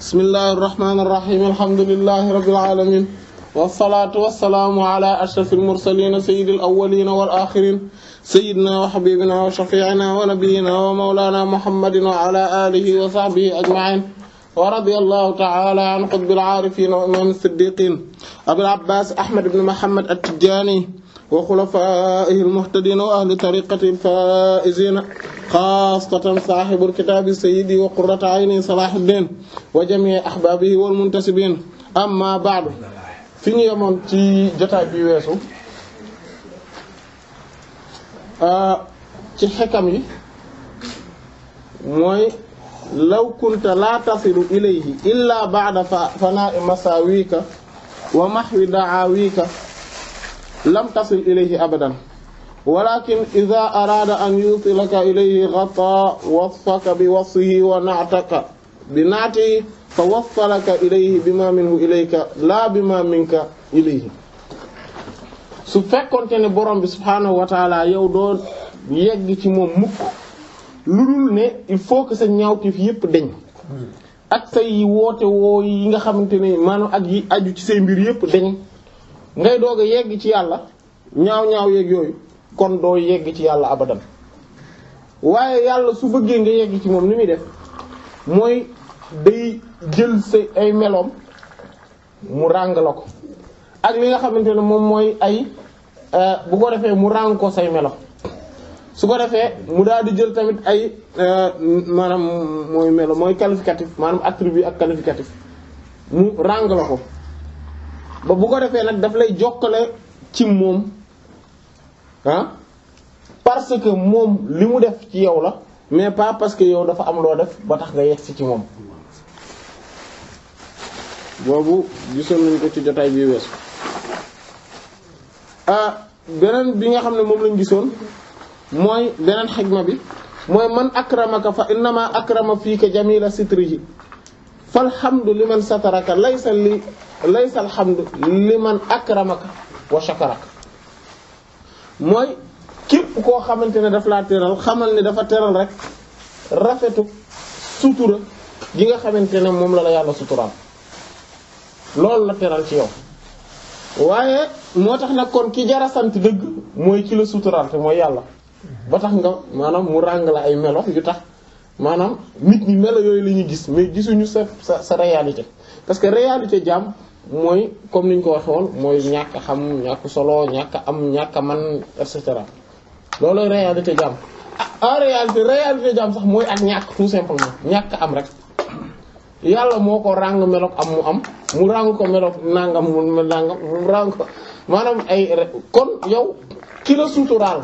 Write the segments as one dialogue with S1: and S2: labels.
S1: بسم الله الرحمن الرحيم الحمد لله رب العالمين والصلاة والسلام على أشرف المرسلين سيد الأولين والآخرين سيدنا وحبيبنا وشفيعنا ونبينا ومولانا محمد وعلى آله وصحبه أجمعين ورضي الله تعالى عن قطب العارفين وإمام الصديقين أبو العباس أحمد بن محمد التجاني وخلفائه المهتدين واهل طريقه الفائزين خاصه صاحب الكتاب السيد وقرة عين صلاح الدين وجميع احبابه والمنتسبين اما بعد فين يمون تي جوتا بي ويسو ا تي حكمي موي لو كنت لا تصل اليه الا بعد فناء مساويك ومحو دعاويك lam tasil ilayhi abadan walakin idha arada an yusilaka ilayhi ghata wasfaka bi wasfihi wa na'taka bi na'tihi fa wasalaka ilayhi bima minhu ilayka la bima minka ilayhi su fekkonte ne borom bi subhaanahu wa taala yow yegg ci moom mukk lu dul ne il faut que sa ñaawteef yépp deñ ak say woote woo yi nga xamante ne maanaam ak yi ci say mbir yépp deñ ngay doog a yegg ci yàlla ñaaw ñaaw yeeg yooyu kon doo yegg ci yàlla abadan waaye yàlla su bëggee nga yegg ci moom ni muy def mooy day jël sa ay meloom mu ràng la ko ak li nga xamante ne moom mooy ay euh, bu ko defee mu ràng ko say melo su ko defee mu daal di jël tamit ay euh, maanaam mooy melo mooy qualificatif maanaam attribut ak qualificatif mu ràng la ko ba bu ko defee nag daf lay jokkale ci moom ah, parce que moom li mu def ci yow la mais pas parce que yow dafa am loo def ba tax nga yegsi ci moom boobu gisoon nañ ko ci jotaay bi weesu ah beneen bi nga xam ne moom lañ gisoon mooy beneen ma bi mooy man akramaka fa innama akrama fiika jamila yi falhamdu man sataraka laysa li laysa man ak akramaka wa shakaraka mooy képp koo xamante ne daf laa teral xamal ne dafa teral rek rafetu sutura gi nga xamante ne moom la la yàlla suturaal loolu la teral ci yow waaye moo tax nag kon ki jara sant dëgg mooy ki la suturaal te mooy yàlla ba tax nga maanaam mu ràng la ay melo yu tax maanaam nit ñi melo yooyu la ñuy gis mais gisuñu sa sa sa réalité parce que réalité jàmm mooy comme niñ ko waxee mooy ñàkk xam ñàkk solo ñàkk am ñàkk man et cetera loolu réalité jàmm en réalité mooy ak ñàkk tout simplement ñàkk am rek yàlla moo ko ràng meloog am mu am mu ràng ko meloog nangam mu nangam mu ràng ko maanaam ay kon yow ki la suturaal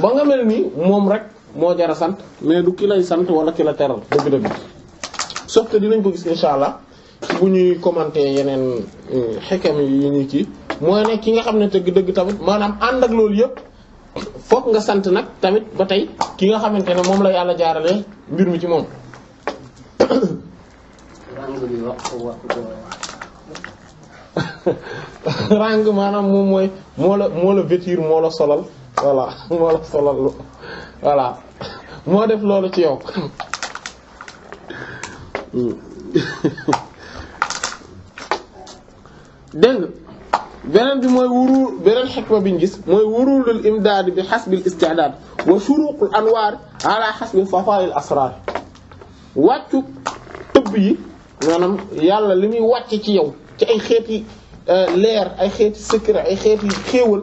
S1: ba nga mel nii moom rek moo jar a sant mais du ki lay sant wala ki la teral dëgg-dëgg sauf que dinañ ko gis incha allah bu ñuy commenter yeneen euh, xekam yi ñuy kii mooy ne ki nga xam ne dëgg-dëgg tamit maanaam ànd ak loolu yëpp foog nga sant nag tamit ba tey ki nga xamante ne moom la yàlla jaarale mbir mi ci moom. rang maanaam moom mooy moo la moo la vêtir moo la solal. voilà moo la solal lu voilà moo def loolu ci yow dégg beneen bi mooy wuruul beneen xikma bi ñu gis mooy wuruulul imdaad bi xasbil istidaad wa shuruqul anwaar ala xasbi safaa'il asraar wàccu tëbb yi maanaam yàlla li muy wàcc ci yow ci ay xeeti leer ay xeeti secret ay xeeti xéewal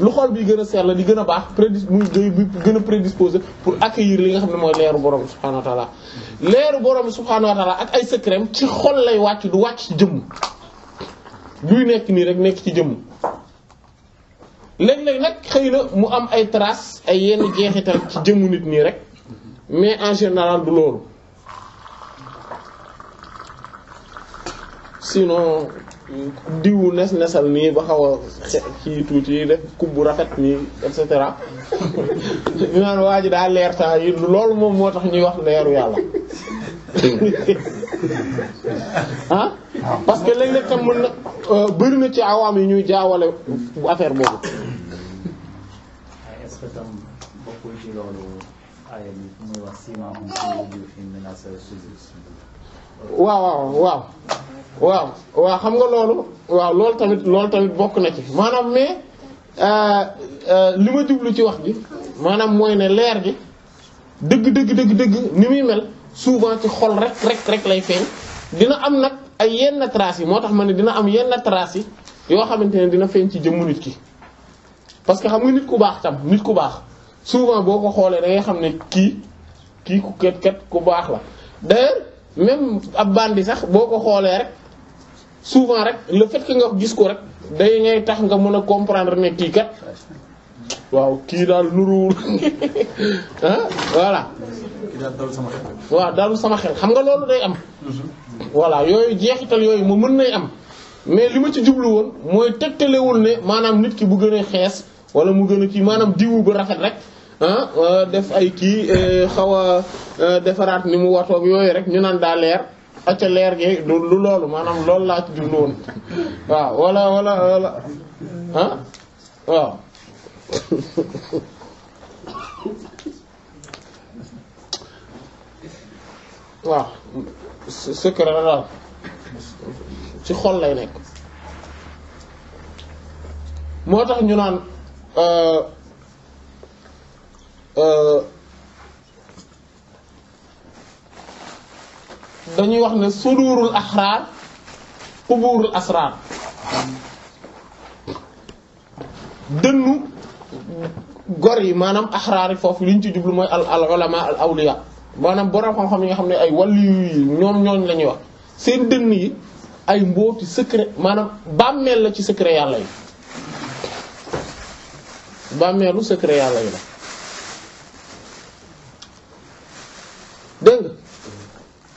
S1: lu xol bi gën a sell di gën a baax prédis muy gën a prédisposé pour accueillir li nga xam ne mooy leeru borom bi subhaanahu wa leeru borom bi subhaanahu wa ak ay secrets ci xol lay wàcc du wàcc ci jëmm luy nekk nii rek nekk ci jëmm léeg-léeg nag xëy la mu am ay traces ay yenn jeexital ci jëmmu nit nii rek mais en général du loolu sinon diwu nes nesal nii ba xaw a kii tuuti def kub bu rafet nii et cetera ñu naan waa ji daa leer temps yi loolu moom moo tax ñuy wax leeru yàlla ah parce que léeg tam mën na euh, bëri na ci awaam yi ñuy jaawale affaire boobu
S2: waaw waaw waaw
S1: waaw waa xam nga loolu waaw loolu tamit lool tamit bokk na ci maanaam mais euh, euh, li ma jublu ci wax bi maanaam mooy ne leer gi dëgg dëgg dëgg dëgg ni muy mel souvent ci xol rek rek rek lay feeñ dina am nag ay yenn traces yi moo tax ma ne dina am yenn traces yi yoo xamante ne dina feeñ ci jëmmu nit ki parce que xam nga nit ku baax tam nit ku baax souvent boo ko xoolee da ngay xam ne kii kii ku kat kat ku baax la d'ailleurs même ab bandi sax boo ko xoolee rek souvent rek le fait que nga gis ko rek day ngay tax nga mën a comprendre ne kii kat waaw kii daal nuruwul ah voilà. kii daal dalul sama xel. xam nga loolu day am. Mhm. voilà yooyu jeexital yooyu mu mën nay am mais li ma ci jublu woon mooy tegtalewul ne maanaam nit ki bu gën xees wala mu gën a kii maanaam diwu bu rafet rek. Euh, def ay kii euh, xaw a euh, defaraat ni mu watoog yooyu rek ñu naan daa leer acca leer gi lu loolu maanaam lool laa ci jublu woon waaw wala wala wala ah, waaw waaw xol lay nekk moo tax ñu naan euh, euh, dañuy wax ne sururul axraar xuburul asraar dënnu gor yi maanaam axraar yi foofu liñ ci jublu mooy al al ulama maanaam borom xam-xam yi nga xam ne ay wàllu yi ñoom ñooñ lañuy ñuy wax seen dënn yi ay mbooti secret maanaam bàmmeel la ci secret yàlla yi bàmmeelu secret yàlla yi la dégg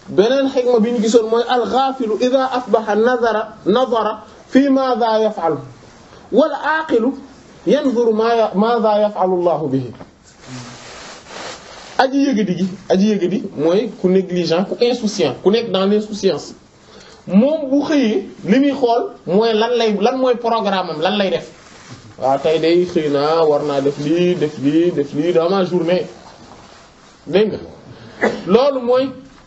S1: benen xikma biñu gisoon moy al alxaafilu idha asbaha nadhara nadhara fi ma dha yaf'al wal aaqilu yanzuru ma dha yaf'al Allah bihi aji yëgadi gi aji yëgadi moy ku négligent ku insouciant ku nek dans l'insouciance mom bu xëyee limi xol moy lan lay lan moy programme lan lay def wa tay day xeyna warna def li def li def li dama journée deng nga moy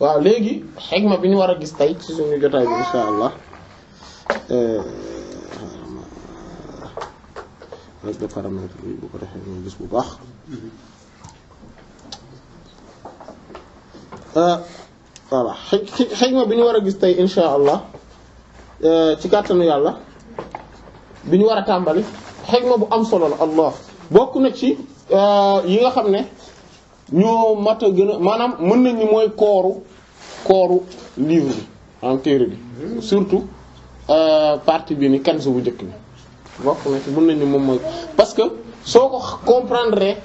S1: waaw léegi xegma bi ñu war a gis tey ci suñu jotaay bi insha allah eh, ak bi ñu gis bu baax eh, voilà xegma war a gis tey insha allah eh, ci kàttanu yàlla bi ñu war a tàmbali xegma bu am solo la allah bokk na ci yi nga xam ne ñoo mat a gën a maanaam mën nañ ni mooy kooru kooru livre bi am téere surtout euh, partie bi ni kanzu bu njëkk bi bokk na ci mën nañu moom mooy parce que soo ko comprendre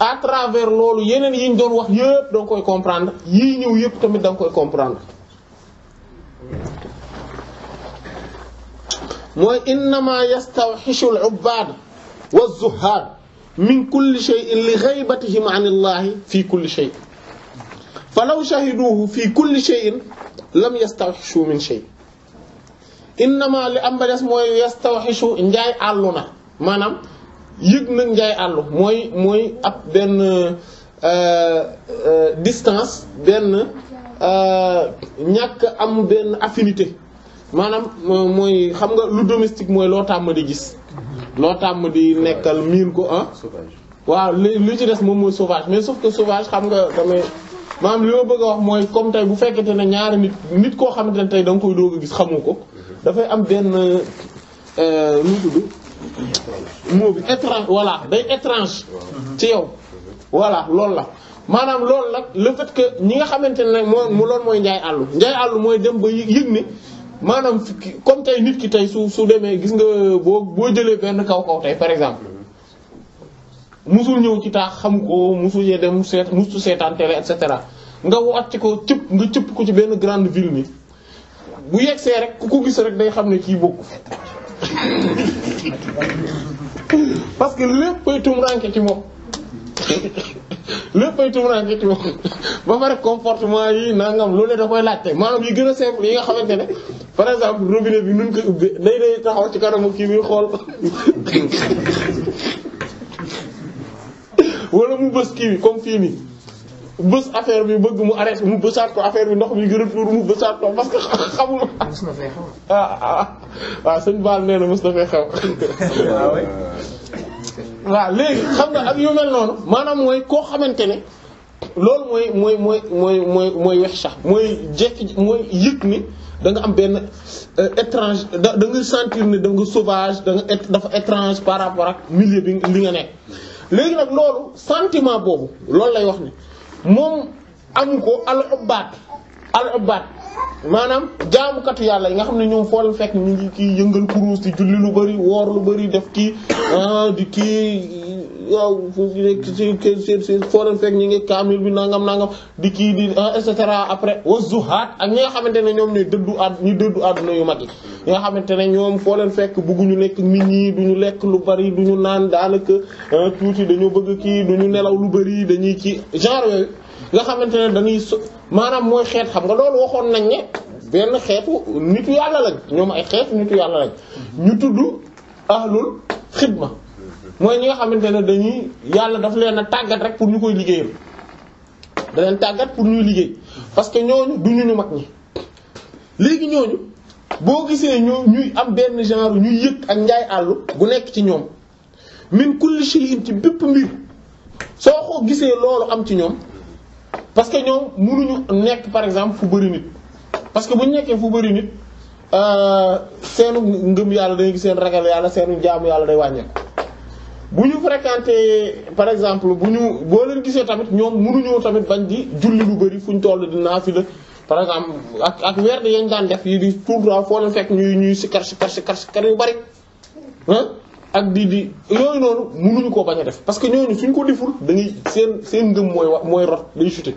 S1: à travers loolu yeneen yi ñu doon wax yëpp da nga koy comprendre yii ñëw yëpp tamit da koy comprendre mooy innama yastawxishu al-ubbaad wa az-zuhaad min kulli shay'in li ghaybatihim an Allahi fi kulli shay'in fa law shahiduhu fii kulli shay'in lam yastawxishu min shay innama li am ba des mooy yastawxishu njaay àllu na maanaam yëg nag njaay àllu mooy mooy ab benn euh, euh, distance benn euh, ñàkk am benn affinité maanaam mooy xam nga lu domestique mooy loo tàmm di gis loo tàmm di nekkal miin ko ah waaw li li moom mooy sauvage mais sauf que sauvage xam nga damay maanaam li ma bëgg a wax mooy comme tey bu fekkente ne ñaari nit nit koo xamante ne tey da nga koy doog a gis xamu ko dafay am benn lu euh, mu moo bi étrange voilà day étrange ci yow voilà loolu la maanaam loolu nag le fait que ñi nga xamante ne nag moo mu loolu mooy njaay àllu njaay àllu mooy dem ba yëg ni maanaam comme tey nit ki tey su su demee gis nga boo boo jëlee benn kaw kaw tey par exemple musul ñëw ci taax xamu ko musul yee dem seet musul seetaan télé et cetera nga waat ci ko cëpp nga cëpp ko ci benn grande ville ni bu yegsee rek ku ko gis rek day xam ne kii bokk parce que léppay tumuraanke ci moom léppay tumuraanke ci moom ba pare comportement yi nangam loolu da koy laajte maanaam yi gën a simple yi nga xamante ne par exemple robinet bi nun ko ubbee day day taxaw ci kanamu kii bi xool wala mu beus ki comme fii nii affaire bi beug mu arrêté mu beusat ko affaire bi ndox bi gën pour mu beusat ko parce que xamul. ah ah, ah. ah bal ah xam nga ak yu mel manam moy ko xamantene ne moy moy moy moy moy sax moy jek moy yek ni da nga am euh, étrange da nga sentir ne da nga sauvage da nga étrange par rapport ak milieu bi li nga léegi nag loolu sentiment boobu loolu lay wax ne moom amu ko al ubbaat al baat maanaam jaamukatu yàlla yi nga xam ne ñoom foo leen fekk ñu ngi kii yëngal kurus di julli lu bari woor lu bari def kii ah, di kii waaw foo leen fekk ñu ngi kaamil bi nangam nangam di kii di ah, et cetera après wa zuhaat ak ñi nga xamante ne ñoom ne dëddu àdd ñu dëddu àdduna yu mag yi ñi nga xamante ne ñoom foo leen fekk bëgguñu nekk nit ñi duñu lekk lu bari duñu naan daanaka ah, tuuti dañoo bëgg kii duñu nelaw lu bari dañuy kii genre yooyu nga xamante ne dañuy so maanaam mooy xeet xam nga loolu waxoon nañ ne benn xeetu nitu yàlla lañ ñoom ay xeet nitu yàlla lañ ñu tudd ahlul xidma mooy ñi nga xamante ne dañuy yàlla daf leen a tàggat rek pour ñu koy liggéeyal daleen tàggat pour ñuy liggéey parce que ñooñu du ñu ñu mag ñi léegi ñooñu boo gisee ñu ñuy am benn genre ñu yëg ak njaay àllu gu nekk ci ñoom min kulli shay'in ci bépp mbir soo ko gisee loolu am ci ñoom parce que ñoom mënuñu nekk par exemple fu bari nit parce que bu ñu nekkee fu bari nit euh, seenu ngëm yàlla day gis seen ragal yàlla seenu jaamu yàlla day wàññeeku. bu ñu fréquenté par exemple bu ñu boo leen gisee tamit ñoom mënuñoo tamit bañ di julli lu bari fu ñu toll fi naafila par exemple ak ak weer yañ daan def yi di tout le temps foo leen fekk ñuy ñuy sikkar sikkar sikkar yu bari ak di di yoy nonu mënuñu koo bañ a def parce que ñooñu fiñ ko deful dañuy seen seen ngeum moy moy rot day chuté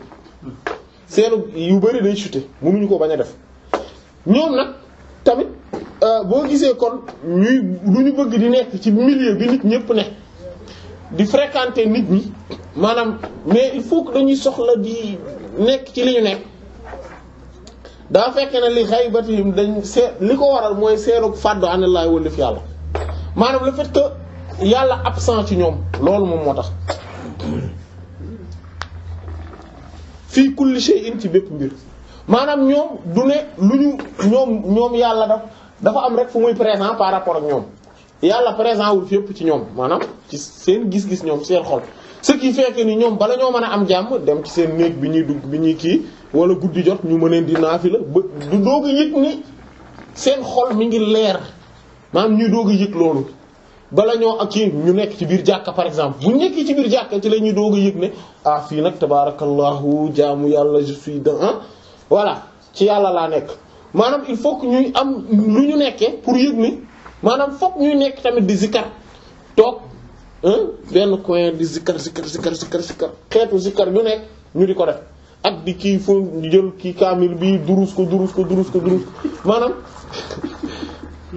S1: seen yu bari day chuté mënuñu koo bañ a def ñoom nak tamit euh bo gisé kon ñuy luñu bëgg di nekk ci milieu bi nit ñepp nekk di fréquenter nit ñi manam mais il faut que dañuy soxla di nekk ci liñu nekk da fekk na li xaybatihim dañ see li ko waral moy seenu faddo anillaahi wallahi fi yàlla maanaam le fait que yàlla absent ci ñoom loolu moom moo tax fii kulli shay'in ci bépp mbir maanaam ñoom du ne lu ñu ñoom ñoom yàlla daf dafa am rek fu muy présent par rapport ak ñoom yàlla présent wul fépp ci ñoom maanaam ci seen gis-gis ñoom seen xol ce qui fait ni ñoom bala ñoo mën a am jàmm dem ci seen néeg bi ñuy dugg bi ñuy kii wala guddi jot ñu mëneen di naafila ba du doog a yëg ni seen xol mi ngi leer maanaam ñuy doog a yëg loolu bala ñoo ak ci ñu nekk ci biir jàkka par exemple bu nekk ci biir jàkka ci la ñuy doog a yëg ne ah fii nag tabarakallahu jaamu yàlla je suis de un voilà ci yàlla laa nekk maanaam il faut que ñuy am lu ñu nekkee pour yëg ni maanaam foog ñuy nekk tamit di zikar toog benn coin di zikar zikar zikar zikar zikar xeetu zikar ñu nekk ñu di ko def ak di kii foo jël kii kaamil bi durus ko duruus ko durus ko durus maanaam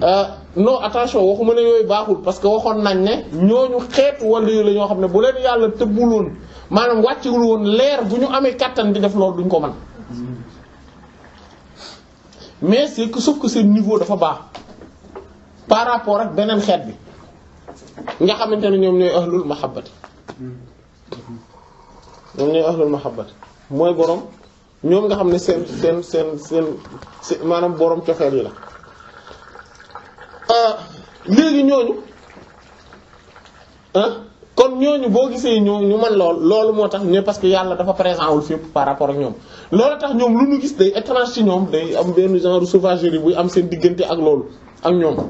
S1: Euh, non attention waxuma ne yooyu baaxul parce que waxoon nañ ne ñooñu xeet wàllu la ñoo xam ne bu leen yàlla tëbbuloon maanaam wàccul woon leer bu ñu amee kàttan di def loolu duñ ko mën mais c'est que sauf seen niveau dafa baax par rapport ak beneen xeet bi nga xamante ne ñoom ñooy ahlul mahabbati ñoom ñooy ahlul mahabbati mooy borom ñoom nga xam ne seen seen seen seen maanaam borom cofeel yi la. E, lirik yon yon. E, kon yon yon, bo gise yon, yon man lol, lol mwata, yon paske yal la da pa prezan ou li fye par rapor yon. Lol ata yon, loun yon gise dey, etransi yon, dey, ambe yon jan rousevajeri woy, amse yon digente ag lol, ag yon.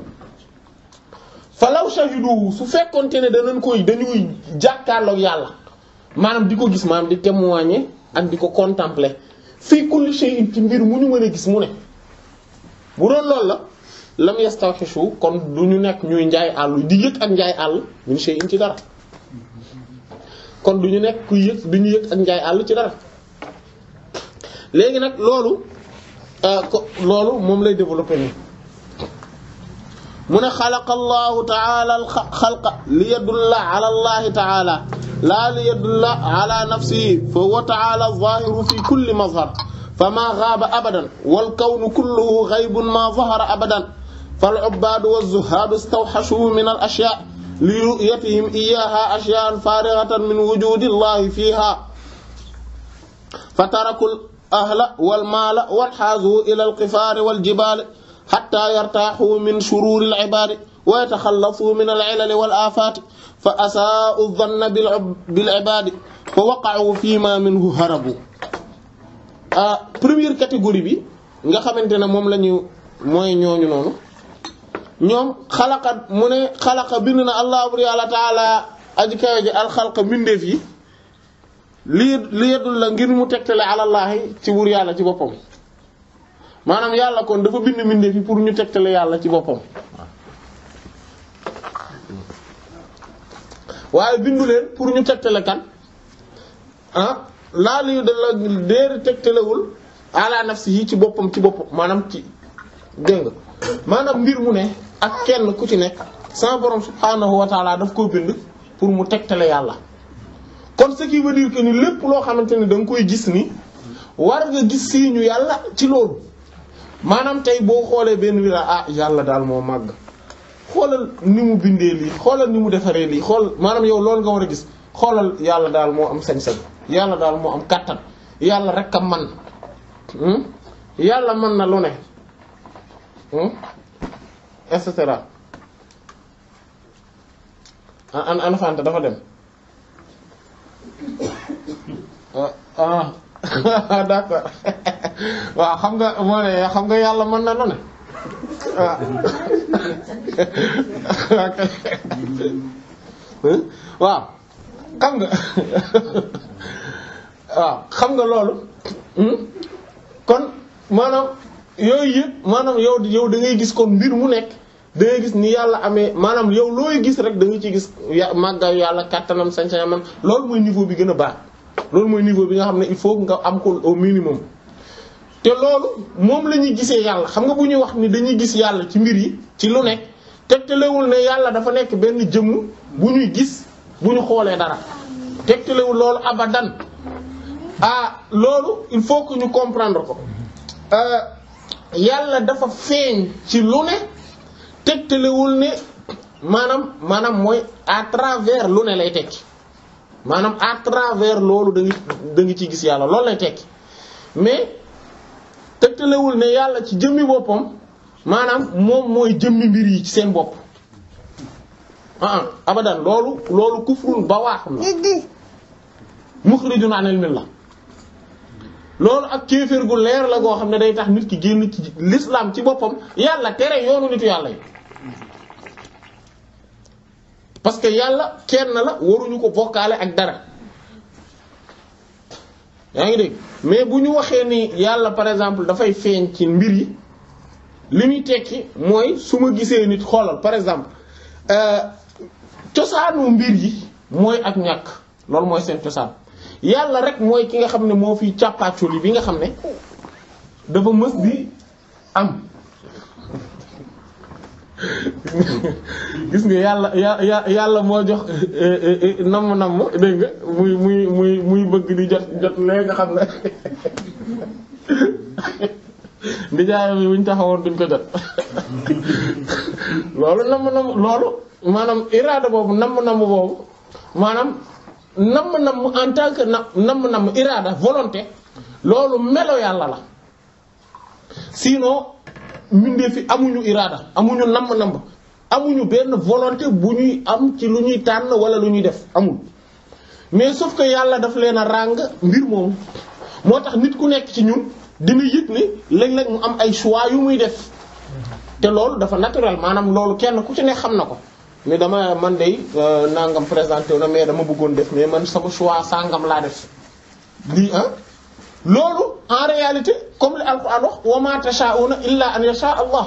S1: Fala ou chan yon, sou fe kontene denon kouy, deni woy, jaka log yal. Man am di ko gise, man am dey temwanyen, an di ko kontemple. Fi kou lise yon, timbir moun yon mwene gise mounen. Bouron lol la. lam yastawhishu kon duñu nek ñuy njaay allu di yek ak njaay allu min shay'in ci dara kon duñu nek ku yek duñu yek ak njaay allu ci dara legi nak lolu ko loolu moom lay développé ni mun ne xalaqa taala al khalqa li yadulla ala allah taala la li yadulla ala nafsihi fa huwa taala zahiru fi kulli mazhar fama ghaba abadan wal kawnu kulluhu ghaibun ma ظهر abadan فالعباد والزهاد استوحشوا من الأشياء لرؤيتهم إياها أشياء فارغة من وجود الله فيها فتركوا الأهل والمال وانحازوا إلى القفار والجبال حتى يرتاحوا من شرور العباد ويتخلصوا من العلل والآفات فأساءوا الظن بالعباد فوقعوا فيما منه هربوا آه، première catégorie bi nga xamantene mom lañu moy noonu nonu ñoom xalaka mu ne xalaqa bind na allah bur yàlla taala aji kawe ji alxalqa mbindeef yi li li yeddul la ngir mu tegtale alallaahi ci bur yàlla ci boppam maanaam yàlla kon dafa bind mbindeef yi pour ñu tegtale yàlla ci boppam waaye bindu pour ñu tegtale kan ah laa li da la déeri tegtalewul ala nafsi yi ci boppam ci boppam maanaam ci dégg nga maanaam mbir mu ne ak kenn ku ci nekk sama borom subhaanahu wa taala daf koo bind pour mu tegtale yàlla kon ce qui veut dire que ni lépp loo xamante ni danga koy gis ni war nga gis sii ñu yàlla ci loolu maanaam tey boo xoolee benn bi la ah yàlla daal moo màgg xoolal ni mu bindee lii xoolal ni mu defaree lii xool maanaam yow loolu nga war a gis xoolal yàlla daal moo am sañ-sañ yàlla daal moo am kàttan yàlla rek am man hmm? yàlla mën na lu ne hmm? et cetera ah, an an fanta dafa dem ah, ah. d'accord waaw xam nga moo ne xam nga yàlla mën na lu ne ah. waaw xam nga waaw xam nga loolu hmm? kon maanaam yooyu yëpp maanaam yow yow da ngay gis kon mbir mu nekk da gis ni yàlla amee maanaam yow looy gis rek da ci gis màggaw yàlla kàttanam sañ-sañam loolu mooy niveau bi gën a baax loolu mooy niveau bi nga xam ne il faut nga am ko au minimum te loolu moom la ñuy gisee yàlla xam nga bu ñuy wax ni dañuy gis yàlla ci mbir yi ci lu nekk tegtalewul ne yàlla dafa nekk benn jëmm bu ñuy gis bu ñu xoolee dara tegtalewul loolu abadan ah loolu il faut que ñu comprendre ko euh, yàlla dafa feeñ ci lu ne tegtalewul ne maanaam maanaam mooy à travers lu ne lay tekki maanaam à travers loolu da nga da ciy gis yàlla loolu lay tekki mais tegtalewul ne yàlla ci jëmmi boppam maanaam moom mooy jëmmi mbir yi ci seen bopp ah abadan loolu loolu kufrun ba waaxum la muxrijun anil milla la loolu ak kéeféer gu leer la goo xam ne day tax nit ki génn ci lislaam ci boppam yàlla tere yoonu nitu yàlla yi parce que yàlla kenn la waruñu ko bokkaale ak dara yaa ngi dégg mais bu ñu waxee ni yàlla par exemple dafay feeñ ci mbir yi li muy tekki mooy su ma gisee nit xoolal par exemple euh, cosaanu mbir yi mooy ak ñàkk loolu mooy seen cosaan yàlla rek mooy ki nga xam ne moo fi càppaacoli bi nga xam ne dafa mës di am gis nga yàlla yàlla yàlla moo jox eh, eh, eh, namm namm dégg nga muy muy muy muy bëgg di jot jot lee xam ne ndijaayam yi buñ taxawoon duñ ko jot loolu namm namm loolu maanaam iraada boobu nam namm boobu maanaam namm-namm en tant que na namm-namm iraada volonté loolu melo yàlla la sinon mbindee fi amuñu iraada amuñu namm-namm amuñu benn volonté bu ñuy am ci lu ñuy tànn wala lu ñuy def amul mais sauf que yàlla daf leen a ràng mbir moomu moo tax nit ku nekk ci ñun dina yëg ni léeg-léeg mu am ay choix yu muy def te loolu dafa naturel maanaam loolu kenn ku ci ne xam na ko mais dama man day euh, nangam présenté wu na mais dama bëggoon def mais man sama choix sangam laa def lii ah loolu en réalité comme li alquran wax wa ma tasha'una illa an yasha allah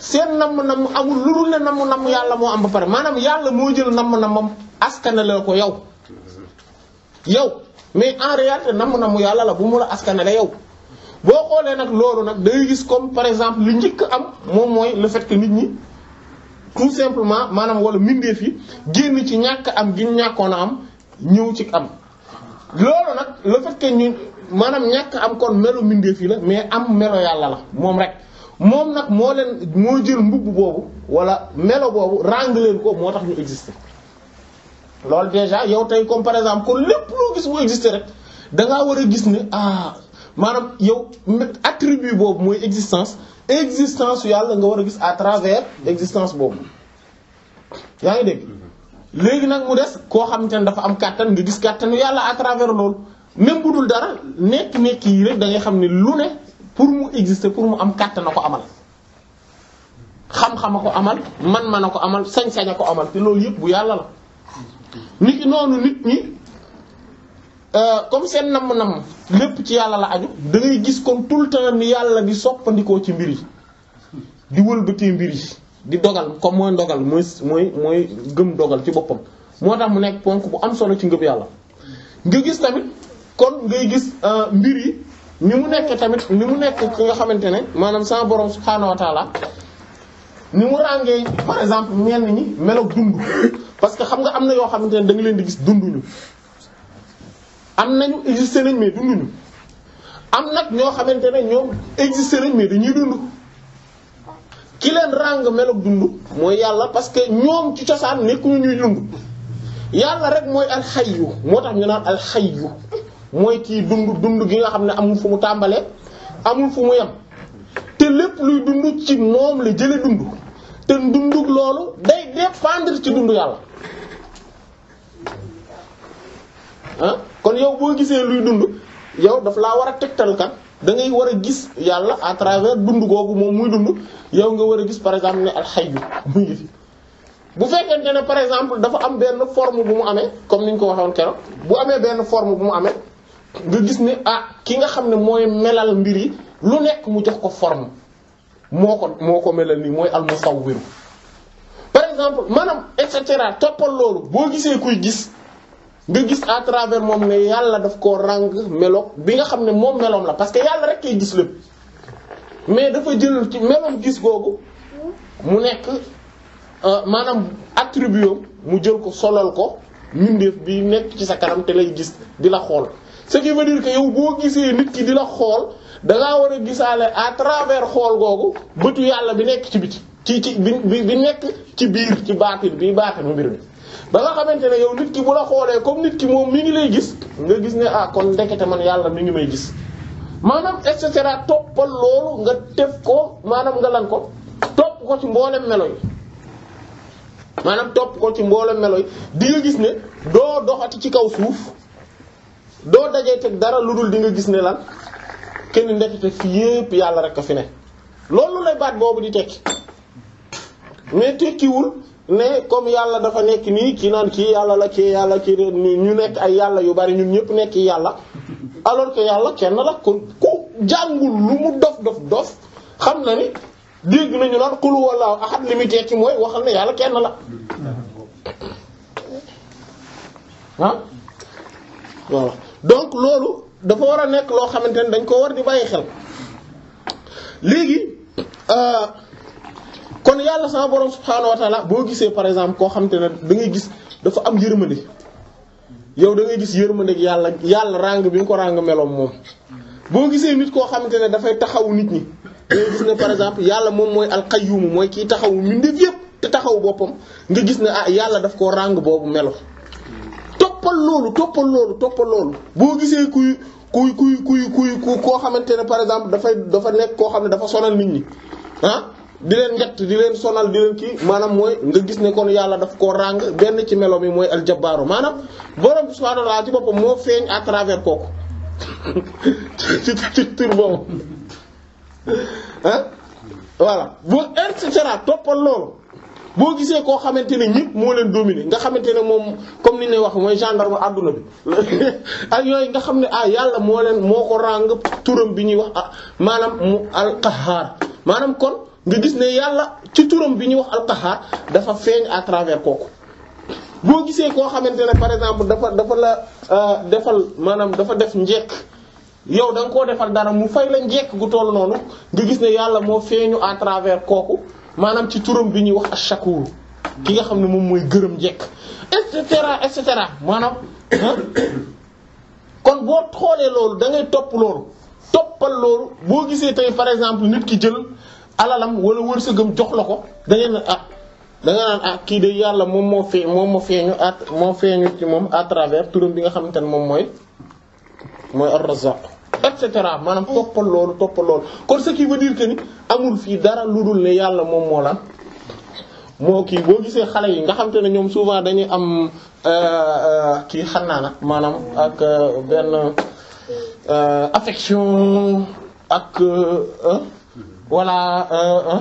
S1: seen namm namm amul lu dul ne namm namm yàlla moo am ba pare maanaam yàlla moo jël namm nammam askanale ko yow yow mais en réalité namm namm yàlla la bu mu la askanale yow boo xoolee nag loolu nag day gis comme par exemple li njëkk am moom mooy le fait nit ñi Tou sempleman, manan wole min defi, ge miti nyaka am bin nyakona am, nyoutik am. Lolo nak, le fet ke nyon, manan nyaka am kon melo min defi la, me am melo yal la la, moun rek. Moun lak mounen, moun jil mbou mbou wawo, wala, melo wawo, rangle wiko, moun tak nou eksiste. Lolo deja, yon te yon kom parazanm, kon le plou gis wou eksiste rek, denga wole gisne, a, ah, manan, yon met atribu wou mwen eksistans, existence yàlla nga war a gis à travers existence boobu yaa ngi dégg léegi nag mu des koo xamante ne dafa am kàttan nga gis kàttanu yàlla à travers loolu même bu dul dara nekk nekk yi rek dangay xam ne lu ne pour mu exister pour mu am kàttan a ko amal xam-xam a ko amal man-man a ko amal sañ-sañ a ko amal te loolu yëpp bu yàlla la nit ki noonu nit ñi Euh, comme seen namm-namm lépp ci yàlla la aju da gis comme tout le temps ni yàlla di soppandikoo ci mbir yi di wëlbatee mbir yi di dogal comme mooy dogal mooy mooy mooy gëm dogal ci boppam moo tax mu nekk ponk bu am solo ci ngëm yàlla nga gis tamit kon ngay gis euh, mbir yi ni mu nekk tamit ni mu nekk ki nga xamante ne maanaam sama borom subhaanahu wa ni mu ràngee par exemple ñenn ñi meloog dund parce que xam nga am na yoo xamante ne da leen di gis dund dunduñu am nañu existé nañ mais dunduñu am nag ñoo xamante ne ñoom existé nañ mais dañuy dund ki leen ràng meloog dund mooy yàlla parce que ñoom ci cosaan nekkuñu ñuy dund yàlla rek mooy alxayyu moo tax ñu naan alxayyu mooy kii dund dund gi nga xam ne amul fu mu tàmbalee amul fu mu yem te lépp luy dund ci moom la jële dund te dundug loolu day dépendre ci dund yàlla kon yow boo gisee luy dund yow daf laa war a tegtal kan da ngay war a gis yàlla à travers dund kooku moom muy dund yow nga war a gis par exemple ne alxayyu mu ngi fi bu fekkente ne par exemple dafa am benn forme bu mu amee comme ni ñu ko waxoon keroog bu amee benn forme bu mu amee nga gis ne ah ki nga xam ne mooy melal mbir yi lu nekk mu jox ko forme moo ko moo ko melal nii mooy al musawwir par exemple maanaam et cetera toppal loolu boo gisee kuy gis. nga gis à travers moom ne yàlla daf ko ràng melo bi nga xam ne moom meloom la parce que yàlla rek kay gis lépp mais dafa jël ci meloom gis googu mu nekk euh, maanaam attribut mu jël ko solal ko mbindeef bi nekk ci sa kanam te lay gis di la xool ce qui veut dire que yow boo gisee nit ki di la xool dangaa war a gisaale à travers xool googu bëtu yàlla bi nekk ci bi ci ci bi bi nekk ci biir ci baatin bi baatinu mbir mi ba nga xamante ne yow nit ki bu la xoolee comme nit ki moom mi ngi lay gis nga gis ne ah kon ndekete man yàlla mi ngi may gis maanaam et cetera toppal loolu nga def ko maanaam nga lan ko topp ko ci mboolem melo yi maanaam topp ko ci mboolem melo di nga gis ne doo doxati ci kaw suuf doo dajee teg dara lu dul di nga gis ne lan kenn ndekete fi yépp yàlla rek a fi ne loolu lay baat boobu di tekki mais tekkiwul mais comme yàlla dafa nekk nii kii naan kii yàlla la kii yàlla kii ñu nekk ay yàlla yu bari ñun ñëpp nekk yàlla alors que yàlla kenn la kon ku jàngul lu mu dof dof dof xam na ni dégg nañu naan qul huwallahu ahad limité ci mooy waxal ne yàlla kenn la ah voilà donc loolu dafa war a nekk loo xamante ni dañ koo war di bàyyi xel léegi. Euh, kon yàlla sama borom subhaanahu wa boo gisee par exemple koo xam ne da ngay gis dafa am yërmande yow da ngay gis yërmande ak yàlla yàlla ràng bi ko ràng meloom moom. boo gisee nit koo xamante ne dafay taxawu nit ñi da ngay par exemple yàlla moom mooy alqayyum mooy kiy taxawu mbindeef yépp te taxawu boppam nga gis ne ah yàlla daf koo ràng boobu melo. toppal loolu toppal loolu boo gisee kuy kuy kuy kuy kuy koo xamante ne par exemple dafay dafa nekk koo xam ne dafa sonal nit ñi ah. di len ngatt di len sonal di len ki manam moy nga gis ne kon yalla daf ko rang ben ci melo mi al jabbar manam borom subhanahu wa ta'ala ci bopam mo feñ a travers kok ci ci tur boobu ah voilà boo et cetera toppal loolu boo gisee koo xamante ne ñëpp moo leen nga xamanteni mom comme ni ne wax moy gendarme aduna bi ak yoy nga xam ah yalla mo len moko rang turum bi ñi wax ah, manam al mu manam kon nga gis ne yalla ci turum bi à travers koku bo ko par exemple dafa dafa la euh, defal manam dafa def njek yow dang ko dara mu fay la njek gu toll nga à travers koku manam ci turum bi wax ash ki nga mom moy njek et cetera et cetera manam hein? par exemple nit ki jël alalam wala wërsëgam jox la ko da ngeen a ah naan ah kii de yàlla moom moo fee moom moo feeñu at moo feeñu ci moom à travers turam bi nga xamante ne moom mooy mooy ar-Razzaq et cetera maanaam toppal loolu toppal loolu kon ce qui veut dire que ni amul fii dara lu dul ne yàlla moom moo la moo kii boo gisee xale yi nga xamante ne ñoom souvent dañuy am euh, euh, kii xanaa maanaam ak euh, benn affection ak. voilà euh,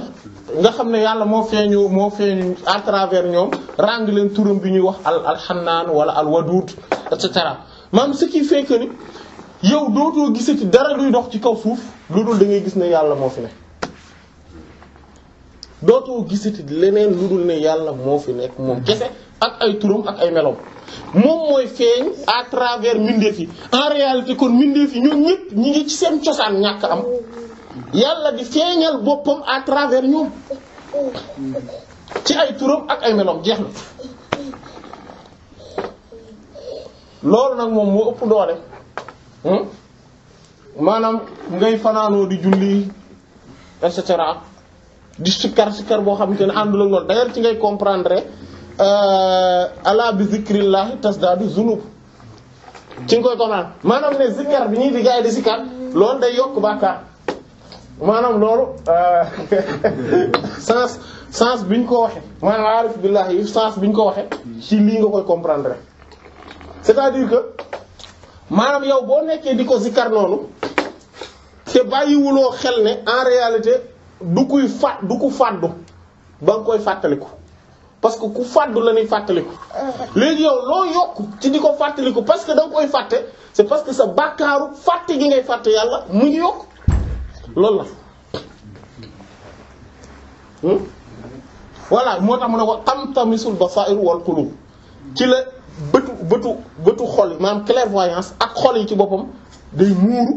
S1: nga xam ne yàlla moo feeñu moo feeñu à travers ñoom ràng leen turam bi ñuy wax al alxannaan wala al waduud et cetera maanaam ce qui fait yow dootoo gisati dara luy dox ci kaw fuuf ludul da ngay gis ne yàlla moo fi ne dootoo gisati leneen ludul ne yàlla moo fi nekk moom kese ak ay turam ak ay meloom moom mooy feeñ à travers mbindeef yi en réalité kon mbindeef yi ñoom ñëpp ñi ngi ci seen cosaan ñàkk am yàlla di feeñal boppam à travers ñoom ci ay turam ak ay meloom jeex na loolu nag moom moo ëpp doole hmm? maanaam ngay fanaanoo di julli et cetera di sikkar sikkar boo xamante ne àndul ak loolu d'ailleurs ci ngay comprendre euh, ala bi zikrillah tasdaadu zunub ci nga koy comprendre maanaam ne sikkar bi ñuy di gaay di sikkar loolu day yokk bàkkaar maanaam loolu euh, sens sens bi ñu ko waxee maanaam aarif billahi yi sens bi ñu ko waxee ci lii nga koy comprendre c'est-à-dire que maanaam yow boo nekkee di ko si zikkar noonu te bàyyiwuloo xel ne en réalité du kuy fat du ku fàddu ba nga koy fàttaliku parce que ku fàddu la ñuy fàttaliku léegi yow loo yokk ci di ko fàttaliku parce que da nga koy fàtte c'est parce que sa bàkkaaru fàtte gi ngay fàtte yàlla mu ngi yokk loolu la hmm? voilà moo tax mu ne ko tamtamisul basair wal qulub ci la bëtu bëtu bëtu xol yi maanaam clairvoyance ak xol yi ci boppam day muuru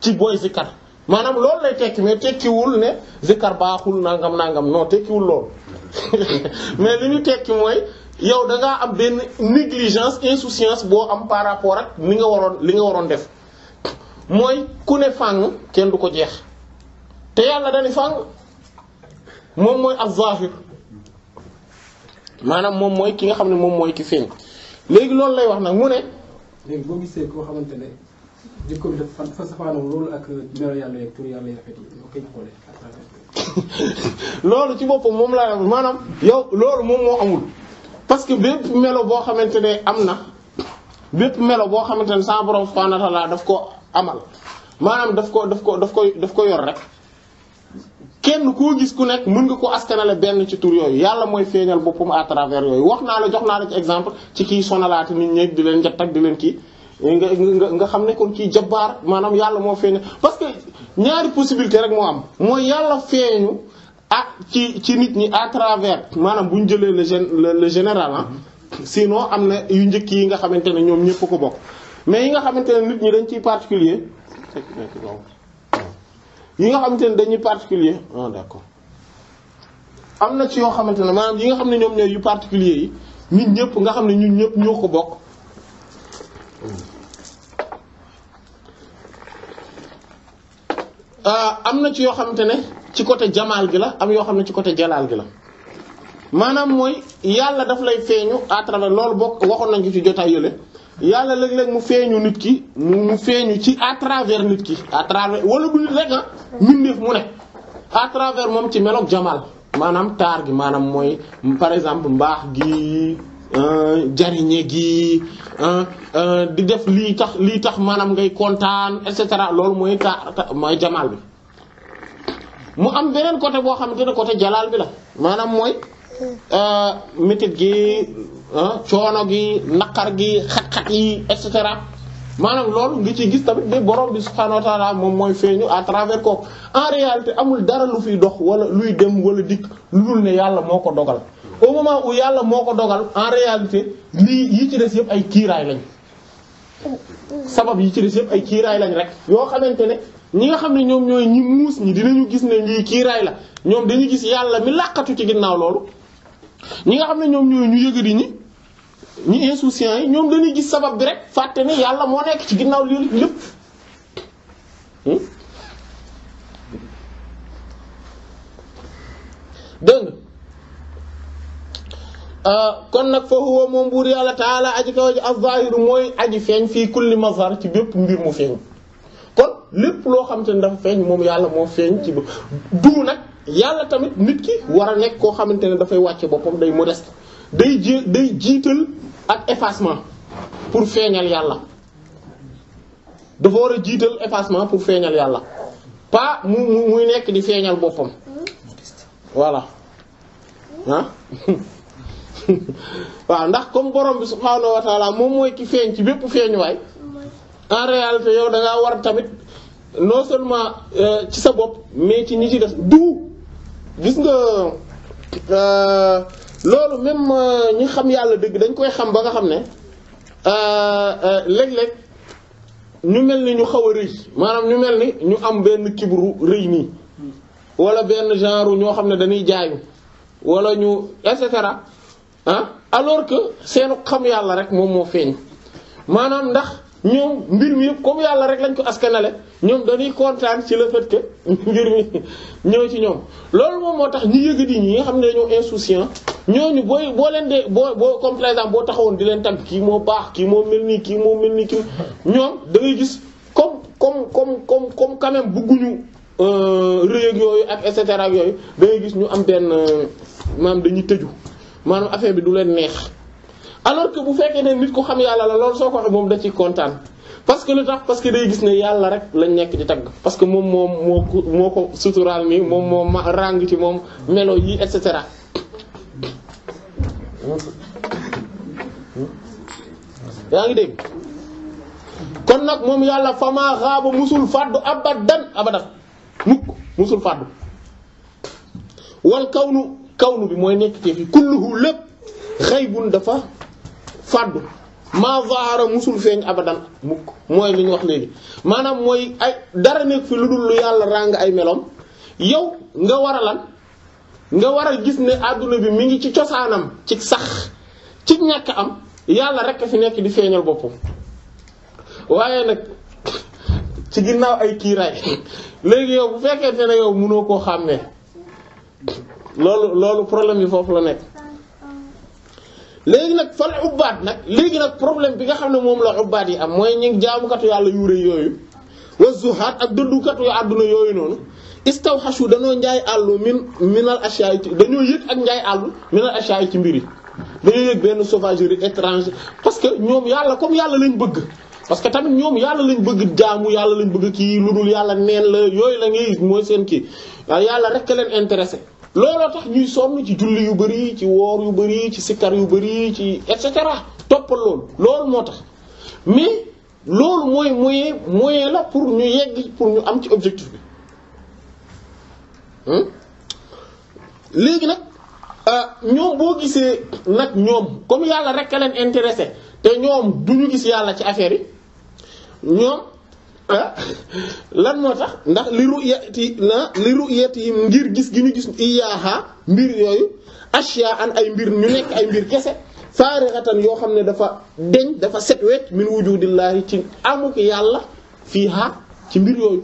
S1: ci booy zikkar maanaam loolu lay tekki mais tekkiwul ne zikkar baaxul nangam nangam non tekkiwul loolu mais li ñu tekki mooy yow da ngaa am benn négligence insouciance boo am par rapport ak li nga waroon li nga waroon def mooy ku ne fàng kenn du ko jeex te yàlla dañu fang mom moy az-zahir manam mom moy ki nga xamne mom moy ki feeñ legui lolou lay wax nak mu ne. legui bo gisee ko xamantene jikko def fan fa sa safaanoo lolou ak melo yàlla yeeg tur yàlla yi fete yi ñoo koy xoolee. loolu ci bopam mom la manam yow lolou mom mo amul parce que bépp melo bo xamantene amna bépp melo bo xamantene sa borom subhanahu wa ta'ala daf ko amal manam daf ko daf ko daf ko daf ko yor rek. kenn koo gis ku nekk mën nga ko askanale benn ci tour yooyu yàlla mooy feeñal boppam à travers yooyu wax naa la jox naa la ci exemple ci kii sonalaati nit di leen njatt ak leen kii nga nga nga xam ne kon kii jabbaar maanaam yàlla moo feeñal parce que ñaari possibilité rek moo am mooy yàlla feeñu ah ci ci nit ñi à travers maanaam bu ñu jëlee le gén le général ah sinon am na yu njëkk yi nga xamante ne ñoom ñëpp ko bokk mais yi nga xamante ne nit ñi dañ ciy particulier yi nga xamante ne dañuy particulier ah d'accord am na ci yoo xamante ne maanaam yi nga xam ne ñoom ñooy yu particulier yi nit ñëpp nga xam ne ñu ñëpp ñoo ko bokk ah, am na ci yoo xamante ne ci côté jamaal gi la am yoo xam ne ci côté jalaal gi la maanaam mooy yàlla daf lay feeñu à travers loolu bokk waxoon nañ ko ci jotaay yële yalla leg leg mu feñu nit ki mu feñu ci à travers nit ki à travers wala bu nit rek ah mbindeef mu ne à travers mom ci melok jamal manam tar gi manam moy par exemple mbaax gi euh, jariñe gi euh, euh, di def li tax li tax manam ngay contane et cetera loolu moy taar mooy jamal bi mu am benen côté bo xamante côté jalal bi la manam moy euh métit gi Ah, coono gi naqar gi xat-xat yi et cetera maanaam loolu ngi ci gis tamit ne borom bi subhaanahu wa taala moom mooy feeñu à travers kooku en réalité amul dara lu fiy dox wala luy dem wala dikk lu dul ne yàlla moo ko dogal au moment yàlla moo ko dogal en réalité lii yi ci des yëpp ay kiiraay lañ sabab yi ci des yëpp ay kiiraay lañ rek yoo xamante ne ñi nga xam ne ñoom ñooy ñi muus ñi dinañu gis ne lii kiiraay la ñoom dañu gis yàlla mi làqatu ci ginnaaw loolu ñi nga xam ne ñoom ñooy ñi insouciants yi ñoom dañuy gis sabab bi rek fàtte ne yàlla moo nekk ci ginnaaw loolu lépp hmm? dégg ah, kon nag fa huwa moom buur yàlla taala aji kaw ji az mooy aji feeñ fii kulli mazhar ci bépp mbir mu feeñ kon lépp loo xamante te dafa feeñ moom yàlla moo feeñ ci du nag yàlla tamit nit ki war a nekk koo xamante ne dafay wàcce boppam day modeste day ji day jiital ak effacement pour feeñal yàlla dafa war a jiital effacement pour feeñal yàlla pas mu mu muy nekk di feeñal boppam voilà ah waaw ndax comme borom bi subhaanahu wa moom mooy ki feeñ ci bépp feeñuwaay en réalité yow da ngaa war tamit non seulement euh, ci sa bopp mais ci ñi ci def du gis nga. Euh, loolu même euh, ñi xam yàlla dëgg dañ koy xam ba nga xam ne euh, euh, léeg-léeg ñu mel ni ñu xaw a rëy maanaam ñu mel ni ñu am benn kibru rëy nii wala benn genre ñoo xam ne dañuy jaayu wala ñu et cetera ah alors que seenu xam yàlla rek moom moo feeñ maanaam ndax ñoom mbir mi yëpp kooku yàlla rek lañ ko askanale ñom dañuy contane ci le fait que ngir ñoo ci ñom loolu mo motax ñi yëg di ñi nga ñoo ne dañoo insouciant ñooñu booy boo leen de bo comme par exemple bo taxawoon di leen tank ki mo baax ki mo melni ki mo melni ki ñom kii da ngay gis comme comme comme comme comme quand même bëgguñu euh, rëy ak yooyu ak et cetera ak yooyu da ngay gis ñu am ben euh, manam dañuy tëju manam affaire bi du leen neex alors que bu fekkee ne nit ko xam yàlla la loolu soko ko mom da ci contane parce que lu tax parce que day gis ne yàlla rek lañ nekk di tagg parce que moom moom moo ko moo ko suturaal nii moom moo ma ràng ci moom melo yi et cetera. yaa ngi dégg kon nag moom yàlla famaa xaaba musul fàddu abadan abadan mukk musul fàddu wal kawnu kawnu bi mooy nekk ci fi kulluhu lépp xaybun dafa fàddu maa zahara musul feeñ abadan mukk mooy li ñu wax léegi maanaam mooy ay dara nekk fi lu dul lu yàlla ràng ay meloom yow nga war a nga waral gis ne àdduna bi mi ngi ci cosaanam ci sax ci ñàkk am yàlla rek fi nekk di feeñal boppam waaye nag ci ginnaaw ay kiiraay léegi yow bu fekkente ne yow mënoo koo xàmmee loolu loolu problème bi foofu la nekk léegi nag fal ubbaat nag léegi nag problème bi nga xam ne moom la ubbaat yi am mooy ñu jaamukatu yàlla yu rëy yooyu wa zuhaat ak dëddukatu yu àdduna yooyu noonu istawxashu danoo njaay àllu min minal ashiya ci dañoo yëg ak njaay àllu minal ashiya ci mbir yi dañoo yëg benn yi étranger parce que ñoom yàlla comme yàlla lañ bëgg parce que tamit ñoom yàlla lañ bëgg jaamu yàlla lañ bëgg kii lu dul yàlla neen la yooyu la ngay mooy seen kii waaye yàlla rek leen intéressé looloo tax ñuy sonn ci julli yu bari ci woor yu bari ci sikkar yu bari ci et cetera toppal loolu loolu moo tax mais loolu mooy moyen moyen la pour ñu yegg pour ñu am ci objectif bi hmm? léegi nag euh, ñoom boo gisee nag ñoom comme yàlla rek a leen intéressé te ñoom du ñu gis yàlla ci affaire yi ñoom lan moo tax ndax li ru'yati na li ru'yatihim ngir gis gi ñu gis iyaaha mbir yooyu ashyaa an ay mbir ñu nekk ay mbir kese faarixatan yoo xam ne dafa deñ dafa set wecc min wujudillaahi ci amuk yàlla fiiha ci mbir yooyu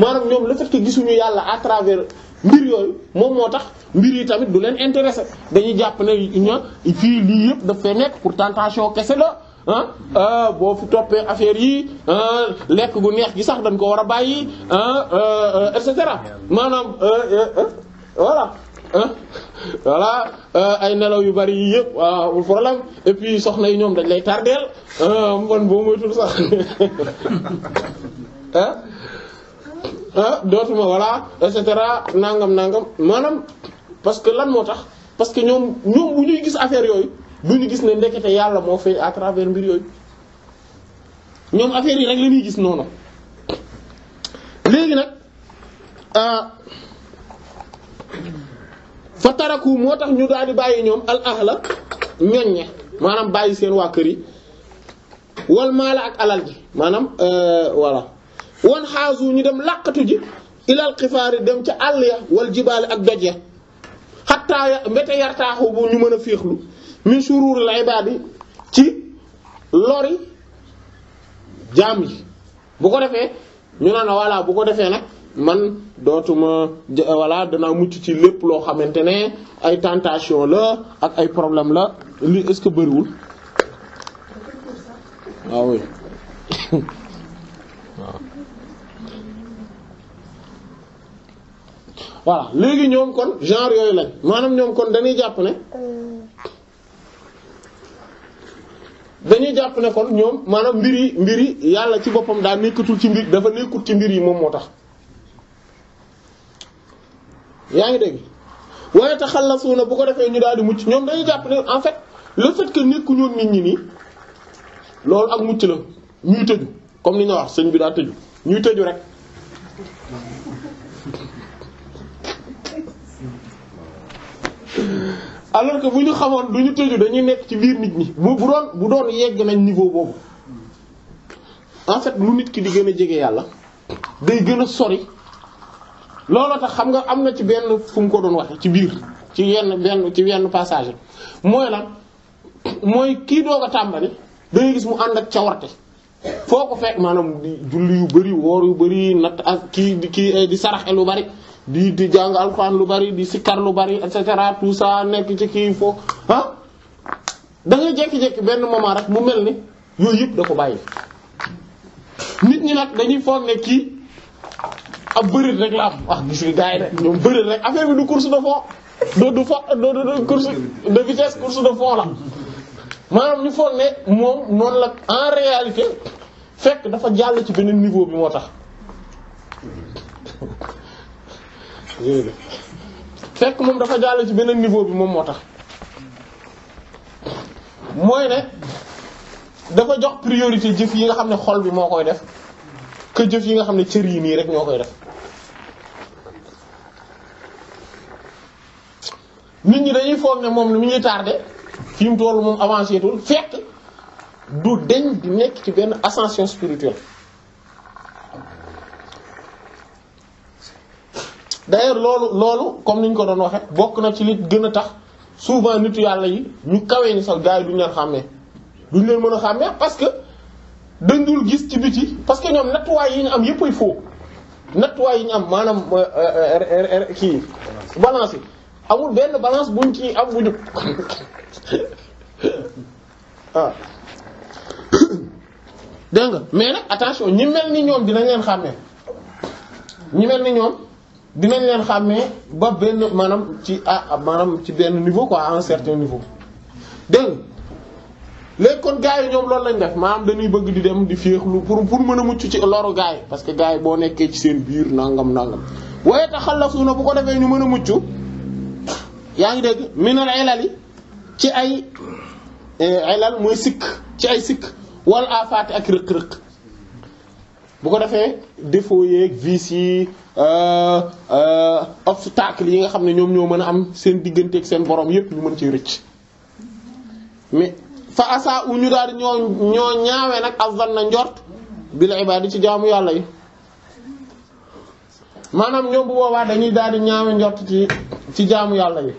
S1: maanaam ñoom le fait gisuñu yàlla à travers mbir yooyu moom moo tax mbir yi tamit du leen intéressé dañuy jàpp ne ña fii lii yëpp daf fee nekk pour tentation kese la Ah, ah boo fi toppee affaire yi ah, lekk gu neex gi sax dañ ko war a bàyyi ah, et cetera maanaam eh, eh, eh, voilà voilà ay nelaw yu bari yi yëpp waaw problème et puis soxna yi ñoom dañ lay tardeel man boo moytul sax dootuma voilà et cetera nangam nangam maanaam parce que lan moo tax parce que ñoom ñoom bu ñuy gis affaire yooyu. du ñu gis ne ndekete yàlla moo feeñ à travers mbir yooyu ñoom affaire yi rek la gis noonu léegi nag euh, fa taraku moo tax ñu daal bàyyi ñoom al ahla ñoññe maanaam bàyyi seen waa kër yi wal maala ak alal ji maanaam euh, voilà wan xaasu ñu dem làqatu ji ilal xifaari dem ca àll ya wal jibaale ak doj ya xattaa mbete yartaaxu bu ñu mën a féexlu mi min shururil ibaadi ci lori jaam yi bu ko defee ñu naan voilà bu ko defee nag man dootuma voilà danaa mucc ci lépp loo xamante ne ay tentation la ak ay problème la li est-ce que bëriwul ah waaw léegi ñoom kon genre yooyu lañ maanaam ñoom kon dañuy jàpp ne euh, dañuy jàpp ne kon ñoom maanaam mbir yi mbir yi yàlla ci boppam daa nekkatul ci mbir dafa nekkut ci mbir yi moom moo tax yaa ngi dégg waaye te na bu ko defee ñu daal di mucc ñoom dañuy jàpp ne en fait le fait que nekkuñoon nit ñi nii loolu ak mucc la ñuy tëju comme ni nga wax sëñ bi daa tëju ñuy tëju rek alors que bu ñu xamoon du ñu tëju dañuy nekk ci biir nit ñi bu bu doon bu doon yegg nañ niveau boobu en lu nit ki di gën a jege yàlla day gën a sori looloo tax xam nga am na ci benn fu mu ko doon waxee ci biir ci yenn benn ci yenn passage mooy lan mooy kii doog a tàmbali dangay gis mu ànd ak cawarte foo ko fekk maanaam di julli yu bari woor yu bari natt ak ki kii di saraxel lu bari di di jàng alxuraan lu bari di sikkar lu bari et cetera tout ça nekk ci kii foofu ah da ngay jékki benn moment rek mu mel ni yooyu yëpp da ko bàyyi. nit ñi nag dañuy foog ne kii ab bëri rek la am wax ah, gis nga gars yi de ñoom bëri rek affaire bi du course de fond doo du fo doo du course de vitesse course de fond la maanaam ñu foog ne moom noonu la en réalité fekk dafa jàll ci beneen niveau bi moo tax. fekk moom dafa jàll ci beneen niveau bi moom moo tax mooy ne dafa jox priorité jëf yi nga xam ne xol bi moo koy def que jëf yi nga xam ne cër yi nii rek ñoo koy def nit ñi dañuy foog ne moom mi ñuy tardé fi mu toll moom avancé tul fekk du deñ di nekk ci benn ascension spirituelle d'ailleurs loolu loolu comme niñ ko doon waxe bokk na ci li gëna tax souvent nitu yalla yi ñu kawé ni sax gaay yi duñ leen xàmmee duñ leen mëna xamé parce que dañ dul gis ci biti parce que ñom nattuwaay yi ñu am yépp ay faux nattuwaay yi ñu am maanaam euh, euh, er, er, er, ki balance amul benn balance buñ ci am buñu ah dégg nga mais nak attention ñi melni ñom dinañ leen xamé ñi melni ñom dinañ leen xàmmee ba benn maanaam ci ah maanaam ci benn niveau quoi à un certain niveau dégg léegi kon gars yi ñoom loolu lañ def maa maanaam dañuy bëgg di dem di féexlu pour pour mën a mucc ci loru gars yi parce que gars yi boo nekkee ci seen biir nangam nangam waaye na bu ko defee ñu mën a mucc yaa ngi dégg minal ilali ci ay eh, ilal mooy sikk ci ay sikk wal afaati ak rëq-rëq bu ko defee défaut yeeg vices yi euh, euh, obstacle yi nga xam ne ñoom ñoo mën a am seen diggante digganteeg seen boroom yépp ñu mën ci rëcc mais fa asa ñu daal ñoo ñoo ñaawee nag azan na njort bil ibaadi ci jaamu yàlla yi maanaam ñoom bu boobaa dañuy daal di ñaawe njort ci ci jaamu yàlla yi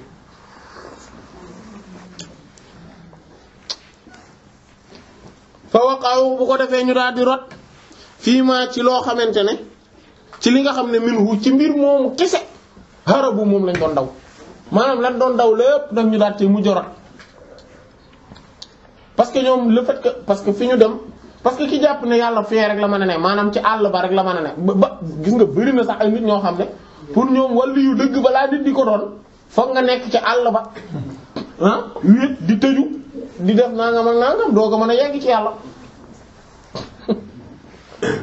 S1: fa waqaw bu ko defee ñu daal rot fiima ci lo xamantene ci li nga xamne ci mbir mom kese harabu mom lañ doon daw manam lañ doon daw lepp nak ñu daal mu jorat parce que ñom le fait que parce que fiñu dem parce que ki japp ne yalla fi rek la mëna ne manam ci àll ba rek la mëna ne gis nga bari na sax ay nit ño xamne pour ñom wàllu yu dëgg nit di doon foog nga nekk ci ba ah, di teju di def nangam ak nangam do ko mëna yegg ci yalla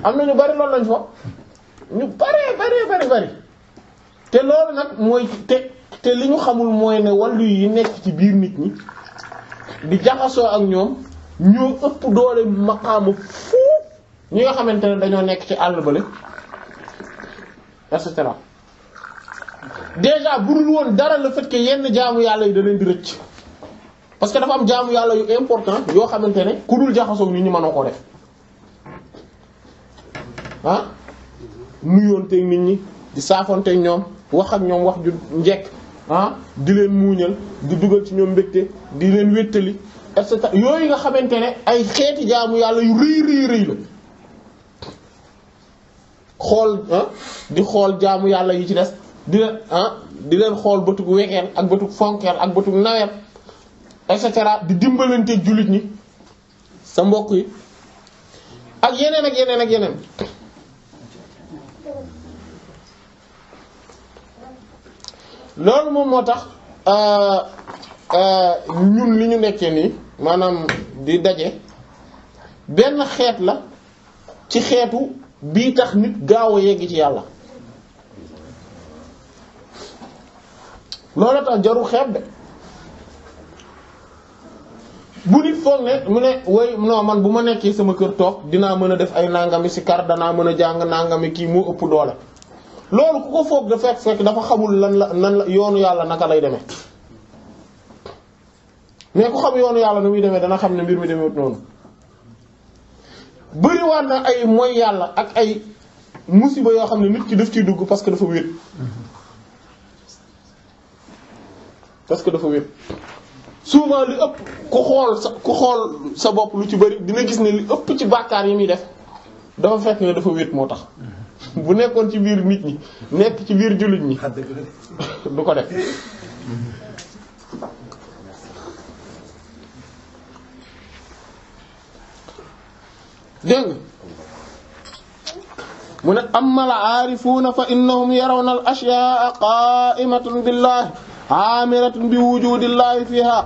S1: am na ñu bari loolu lañ fa ñu bari bari bari bari te loolu nag mooy te te li ñu xamul mooy ne wàllu yi nekk ci biir nit ñi di jaxasoo ak ñoom ñoo ëpp doole maqaamu fuuf ñi nga xamante ne dañoo nekk ci àll bale et cetera déjà burul woon dara la fait que yenn jaamu yàlla yi da leen di rëcc parce que dafa am jaamu yàlla yu important yoo xamante ne ku dul jaxasoo nit ñi mënoo ko def ah teg nit ñi di saafoonteeg ñoom wax ak ñoom wax ju njekk ah. di leen muuñal di dugal ci ñoom mbégte di leen wéttali et cetera yooyu nga xamante ne ay xeeti jaamu yàlla yu rëy rëy rëy la xool ah, di xool jaamu yàlla yu ci des di leen ah, di leen xool bëtug wegeel ak bëtug fonkeel ak bëtug nawet et cetera di dimbalante jullit ñi sa mbokk yi ak yeneen ak yeneen ak yeneen loolu moom moo euh, euh ñun li ñu nekkee nii maanaam di dajé ben xéet la ci xéetu bi tax nit gaaw a ci yalla loolu tax jaru xéet de bu nit foog ne mu ne way non man bu nekké sama kër tok dina mëna def ay nangami ci kar dana mëna jang nangami ki mo ëpp doola loolu ku ko foog da fekk fekk dafa xamul lan la nan la yoonu yàlla naka lay demee mais ku xam yoonu yàlla nu muy demee dana xam ne mbir mi demewut noonu bëriwaat na ay mooy yàlla ak ay musiba yoo xam ne nit ki def ciy dugg parce que dafa wéet parce que dafa wéet souvent li ëpp ku xool sa ku xool sa bopp lu ci bëri dina gis ne li ëpp ci bàkkaar yi muy def dafa fekk ne dafa wéet moo tax bu nekkon ci bir nit ñi nekk ci bir julit ñi du ko def deng mun ne arifuna fa innahum yarawna al ashyaa qa'imatan billahi aamiratun bi wujudillahi fiha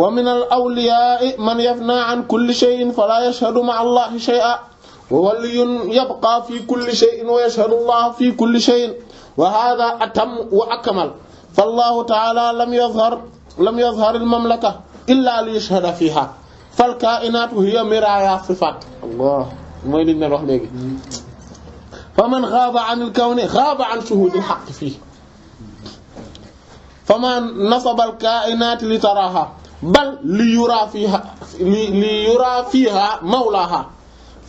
S1: wa min al awliyaai man yafna an kulli shay'in fala yashhadu ma'a allahi shay'a وولي يبقى في كل شيء ويشهد الله في كل شيء وهذا أتم وأكمل فالله تعالى لم يظهر لم يظهر المملكة إلا ليشهد فيها فالكائنات هي مرايا صفات الله ما يدنا روح ليك فمن غاب عن الكون غاب عن شهود الحق فيه فمن نصب الكائنات لتراها بل ليرى فيها ليرى فيها مولاها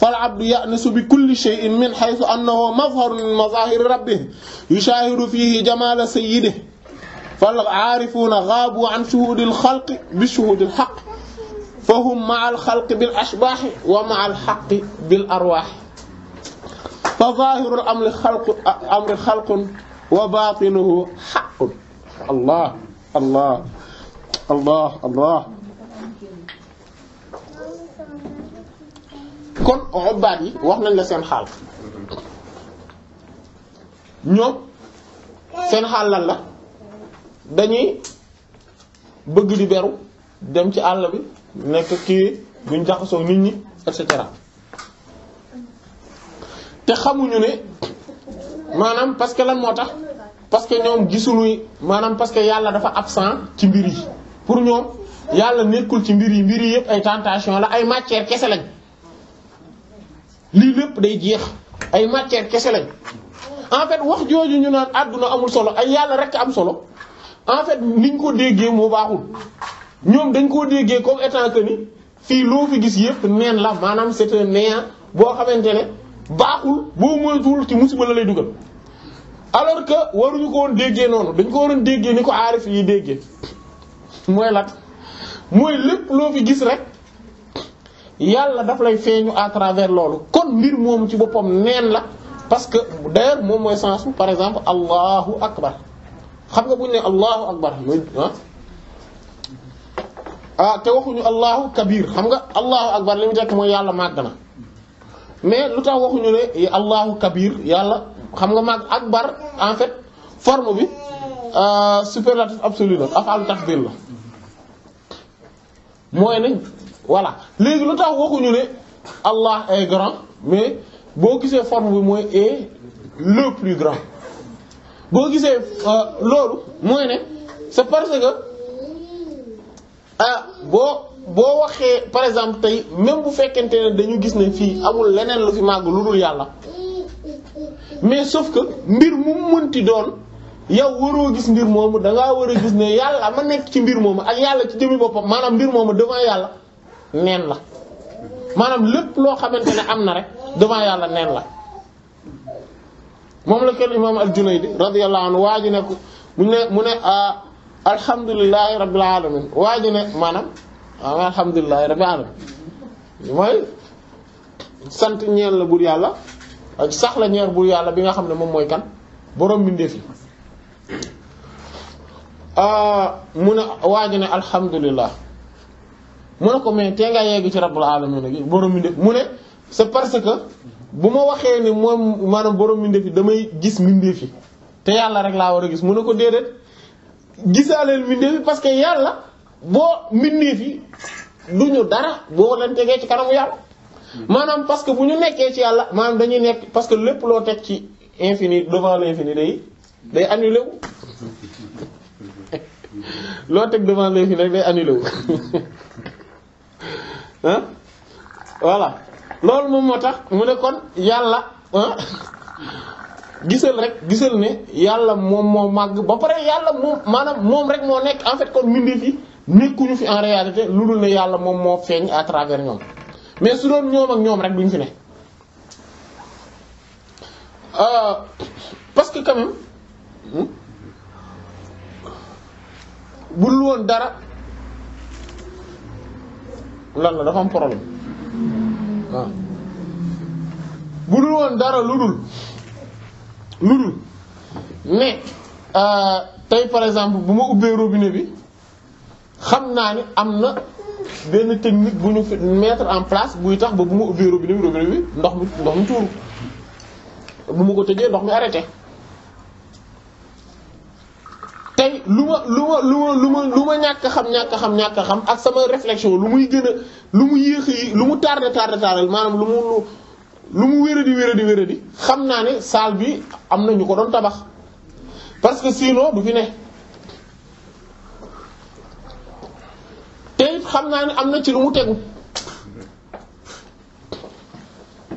S1: فالعبد يأنس بكل شيء من حيث أنه مظهر من مظاهر ربه يشاهد فيه جمال سيده فالعارفون غابوا عن شهود الخلق بشهود الحق فهم مع الخلق بالأشباح ومع الحق بالأرواح فظاهر الأمر خلق, أمر خلق وباطنه حق الله الله الله الله, الله kon ubbaat yi wax nañ la seen xaal ñoom seen xaal la dañuy bëgg di beru dem ci àll bi nekk kii buñ jaxasoo nit ñi et cetera te xamuñu ne maanaam parce que lan moo tax parce que ñoom gisuñu maanaam parce que yàlla dafa absent ci mbir yi pour ñoom yàlla nekkul ci mbir yi mbir yi yëpp ay tentation la ay matière kese lañ lii lépp day jeex ay matière kese lañ en fait wax jooju ñu naan àdduna amul solo ay yàlla rekk am solo en fait niñ ko déggee moo baaxul ñoom dañ koo déggee comme étant que ni fii loo fi gis yëpp neen la maanaam c'est un boo xamante ne baaxul boo moytuwul ci musiba la lay dugal alors que waruñu ko woon déggee noonu dañ ko waroon déggee ni ko aarif yi déggee mooy lat mooy lépp loo fi gis rek yàlla daf lay feeñu à travers loolu kon mbir moomu ci boppam neen la parce que d'ailleurs moom mooy sensu par exemple allahu akbar xam nga bu ñu ne allahu akbar yooyu ah, ah te waxuñu allahu kabir xam nga allahu akbar li mu tekk mooy yàlla màgg na mais lu tax waxuñu ne allahu kabir yàlla xam nga màgg akbar en fait forme bi euh, superlatif absolu la afalu tafdil la mooy ne voilà léegi lu tax waxuñu ne Allah est grand mais boo gisee forme bi mooy est le plus grand boo gisee euh, loolu mooy ne c'est parce que ah boo boo waxee par exemple tey même bu fekkente ne dañu gis ne fii amul leneen lu fi màgg lu dul yàlla mais sauf que mbir mu mënti doon yow waroo gis mbir moomu dangaa ngaa war a gis ne yàlla ma nekk ci mbir moomu ak yàlla ci jëmi boppam maanaam mbir moomu devant yàlla neen la maanaam lépp loo xamante ne am na rek devant yàlla neen la moom la kenn imaam al-Junayd radiyallahu anhu waa ji ne ko mu ne mu ne ah, alhamdulillahi rabbil alamin waa maanaam ah, alhamdulillahi rabbil alamin mooy sant ñeel la buur yàlla ak sax la ñeel buur yàlla bi nga xam ne moom mooy kan borom mbindeef yi ah, mu ne waa ne alhamdulillah mu ne ko mais tee nga yegg ci rabbul alamin gi borom mi ndef mu ne c'est parce que bu ma waxee ni moom maanaam borom mi ndef yi damay gis mbindeef yi te yàlla rek laa war a gis mu ne ko déedéet gisaaleel mbindeef yi parce que yàlla boo mbindeef yi du ñu dara boo leen tegee ci kanamu yàlla maanaam parce que bu ñu nekkee ci yàlla maanaam dañu nekk parce que lépp loo teg ci infini devant l'infini day day annulé wu loo teg devant l'infini rek day annulé wu ah voilà loolu moom moo tax mu ne kon yàlla gisal rek gisal ne yàlla moom moo màgg ba pare yàlla moom maanaam moom rek moo nekk en fait kon mbindeef yi nekkuñu fi en réalité lu dul ne yàlla moom moo feeñ à travers ñoom mais su doon ñoom ak ñoom rek duñ fi ne euh, parce que hmm, bu dul woon dara. lan la dafa am problème waaw ah. bu dul woon dara lu dul lu dul mais euh, tey par exemple bu ma ubbee robine bi xam naa ni am na benn technique bu ñu mettre en place buy tax ba bu ma ubbee robinet bi robinet bi ndox mi ndox mi tuuru bu ma ko tëjee ndox mi arrêté tey lu ma lu ma lu ma lu ma lu ma ñàkk xam ñàkk xam ñàkk xam ak sama réflexion lu muy gën lu mu yéex yi lu mu tardé tardé tardé maanaam lu mu lu mu wéradi wéradi wéradi xam naa ne salle bi am na ñu ko doon tabax parce que sinon du fi ne. te xam naa ne am na ci lu mu tegu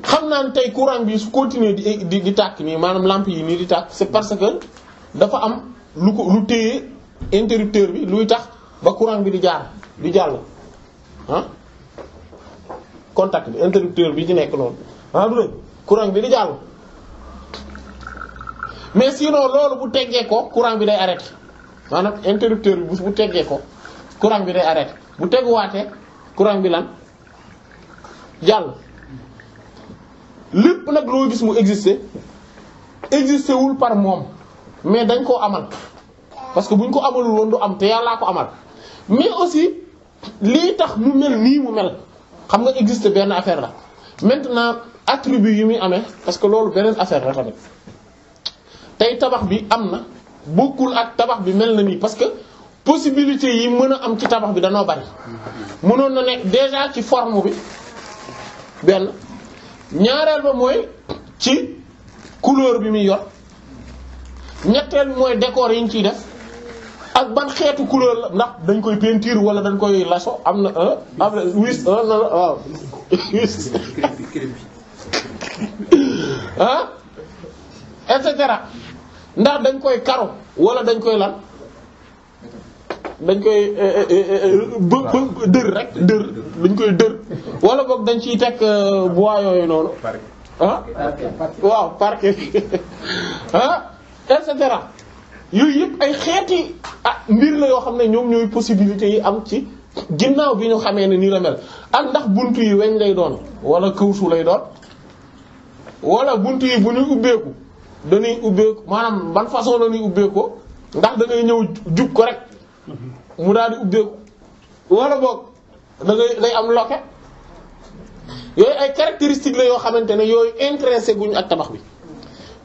S1: xam naa ne tey courant bi su continuer di di di tàkk nii maanaam lampe yi nii di tàkk c'est parce que dafa am. lu ko lu téye interrupteur bi luy tax ba courant bi di jaar di jàll ah contact bi interrupteur bi ci nekk noonu ah du courant bi di jàll mais sinon loolu bu teggee ko courant bi day arrêté maanaam interrupteur bi bu bu teggee ko courant bi day arrêté bu teguwaatee courant bi lan jàll lépp nag loo gis mu exister exister wul par moom. mais dañ koo amal parce que buñ ko amalul woon du am te yàllaa ko amal mais aussi lii tax mu mel nii mu mel xam nga existe benn affaire la maintenant attribut yi muy amee parce que loolu beneen affaire la tamit tey tabax bi am na bokkul ak tabax bi mel na nii parce que possibilité yi mën a am ci tabax bi danoo bari mënoon na nekk déjà ci forme bi benn ñaareel ba mooy ci couleur bi muy yor ñetteel mooy décor yi ñu ciy def ak ban xeetu couleur la ndax dañ koy peinture wala dañ koy laso am na am na wis waaw wis ah cetera ndax dañ koy karo wala dañ koy lan dañ koy euh, euh, euh, bë dañ koy dër wala boog dañ ciy teg bois yooyu noonu waaw et cetera yooyu yëpp ay xeeti ah mbir la yoo xam ne ñoom ñooy possibilité yi am ci ginnaaw bi ñu xamee ne nii la mel ak ndax buntu yi weñ lay doon wala këwsu lay doon wala buntu yi bu ñuy ubbeeku danuy ubbeeku maanaam ban façon la ñuy ubbeekoo ndax dangay ñëw jub ko rek mu daal di ubbeeku wala boog da ngay am loke yooyu ay caractéristiques la yoo xamante ne yooyu intéressé guñu ak tabax bi.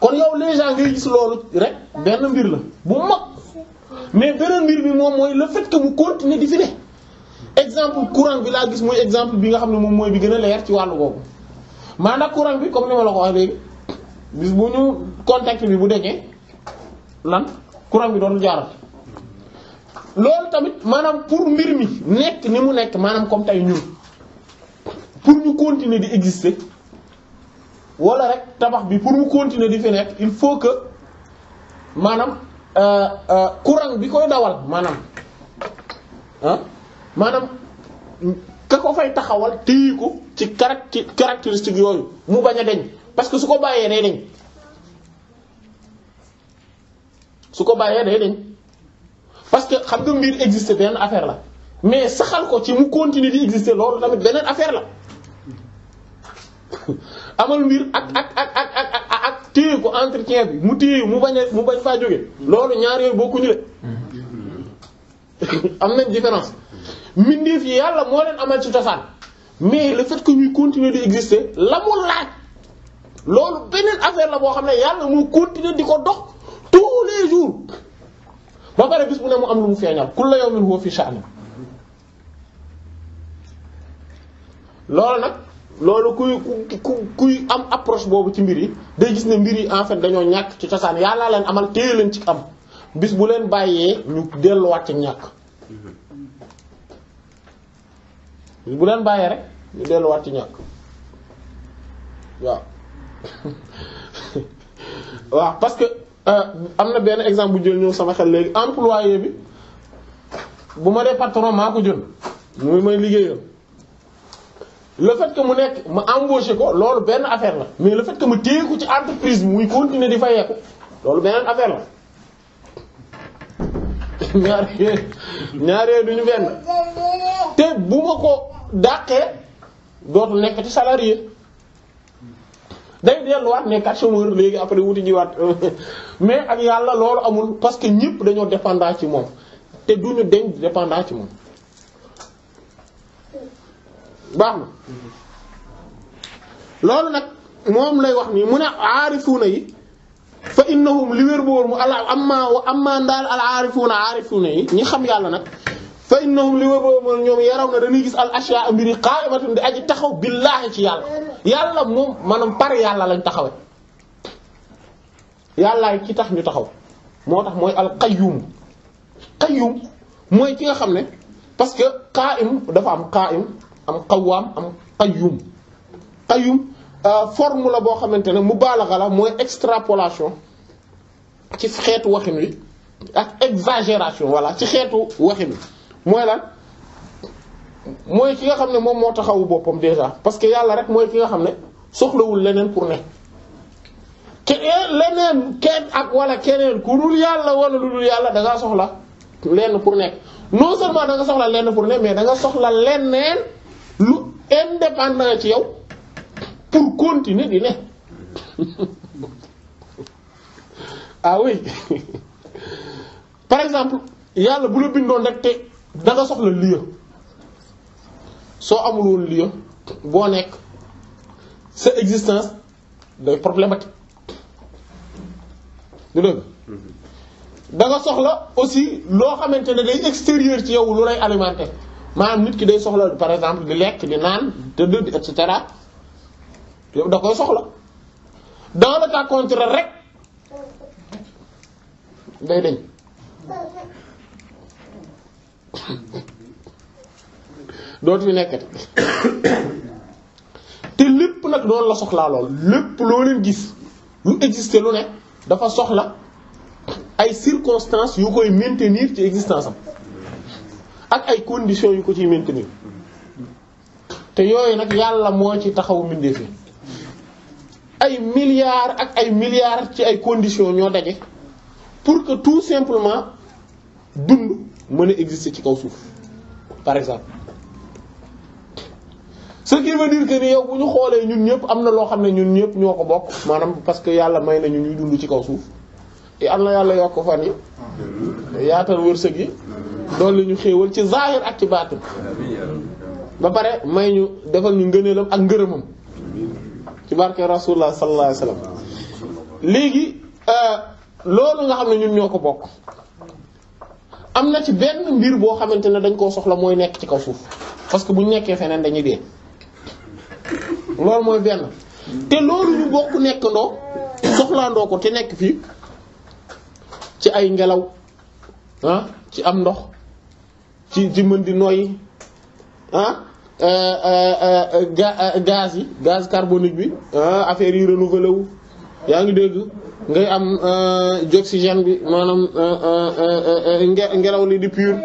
S1: kon yow déjà ngay gis loolu rek benn mbir la bu mag mais beneen mbir mi moom mooy le fait que mu continuer di fi ne exemple courant bi laa gis mooy exemple bi nga xam ne moom mooy bi gën a leer ci wàllu boobu maanaam courant bi comme ni ko bis bu ñu contact bu deñee lan courant bi doon jaaral loolu tamit maanaam pour mbir mi nekk ni mu nekk maanaam comme tey ñun pour ñu continuer di exister wala rek tabax bi pour mu continuer di fi nek il faut que manam euh euh courant bi koy dawal manam hein manam ka ko fay taxawal teyiko ci caractéristique yoyu mu baña deñ parce que suko baye bàyyee day deñ suko baye bàyyee day deñ parce que xam nga mbir existe ben affaire la mais saxal ko ci mu continuer di exister lolu tamit benen affaire la. amal mbir ak ak ak ak ak ak téye ko entretien bi mu tey mu bañ mu bañ fa jóge lolu ñaar yoy yooyu ñu le am nañ différence mbindeef yi yàlla moo leen amal ci cosaan mais le fait que ñuy continuer di exister la mu laaj loolu beneen affaire la bo xam yalla mo continuer diko dox tous les jours ba pare bis bu ne mu am lu mu feeñal kulla yawmin huwa fi sha'n lolu nak loolu kuy ku kuy am approche boobu ci mbir yi day gis ne mbir yi en fait dañoo ñàkk ci cosaan yàllaa leen amal téye leen ci am bis bu leen bàyyee ñu delluwaat ci ñàkk bu leen bàyyee rek ñu delluwaat ci ñàkk waaw waaw parce que euh, am na benn exemple bu jël ñëw sama xel léegi employé bi bu ma dee patron maa ko jël muy may liggéeyal le fait que mu nekk ma embauché ko loolu benn affaire la mais le fait que ma téye ko ci entreprise bi muy continuer di fayeeku loolu beneen affaire la ñaar ñaaree duñu benn te bu ma ko dàqee dootul nekk ci salarié day delluwaat nekkat chômeur léegi après wuti jiwaat mais ak yàlla loolu amul parce que ñëpp dañoo dépendant ci moom te duñu deñ dépendant ci moom baxna lolou nak mom lay wax ni muna arifuna yi fa innahum li wér bor mu allah amma wa amma dal al arifuna arifuna yi ñi xam yàlla nak fa innahum li wér bor mu ñom yaraw na dañuy gis al ashyaa mbiri qa'imatun di aji taxaw billahi ci yàlla yàlla mom manam par yàlla lañ taxawe yalla ki tax ñu taxaw motax moy al qayyum qayyum moy ki nga xamne parce que qa'im dafa am qa'im am xawaam am qayyum qayyum euh, forme la boo xamante ne mubaalaxa la mooy extrapolation ci xeetu waxin wi ak exagération voilà ci xeetu waxin wi mooy lan mooy ki nga xam ne moom moo taxawu boppam déjà parce que yàlla rek mooy ki nga xam ne soxlawul leneen pour ne leneen kenn ak wala keneen ku dul yàlla wala lu dul yàlla da ngaa soxla lenn pour nekk non seulement da nga soxla lenn pour ne mais da nga soxla leneen lu indépendant ci yow pour continuer di ne ah oui par exemple yàlla bu la bindoon rek te da nga soxla lieu soo amul woon lieu boo nekk sa existence day problématique du dëgg mhm. soxla aussi loo xamante ne day extérieur ci yow lu lay alimenter maanaam nit ki day soxla par exemple di lekk di naan tëdd et cetera yow da koy soxla dans le cas contraire rek day dañ dootu fi nekkati te lépp nag loolu la soxlaa lool lépp loo leen gis lu exister lu ne dafa soxla ay circonstances yu koy maintenir ci existence am ak ay conditions yu ko ci maintenir te yooyu nag yàlla moo ci taxawu mbindeef ay milliards ak ay milliards ci ay conditions ñoo daje pour que tout simplement dund mën a exister ci kaw suuf par exemple sa qui veut dire que ni yow bu ñu xoolee ñun ñëpp am na loo xam ne ñun ñëpp ñoo ko bokk maanaam parce que yàlla may nañu ñuy dund ci kaw suuf am na yàlla yokk fan yi yaatal wërsëg yi dolli ñu xéewal ci zahir ak ci baatin ba pare may ñu defal ñu ngëneelam ak ngërëmam ci barke rasulullah sallallahu alayhi wasallam léegi euh, loolu nga xam ne ñun ñoo ko bokk am na ci benn mbir boo xamante ne dañ koo soxla mooy nekk ci kaw foofu parce que bu nekkee feneen dañuy dee loolu mooy benn te loolu ñu bokk nekkandoo soxlaandoo ko te nekk fii ci ay ngelaw ah ci am ndox ci ci mën di noyyi ah gaz gaz carbonique bi affaire yi renouvelé wu yaa ngi dégg ngay am dioxygène bi manam ngelaw li di pur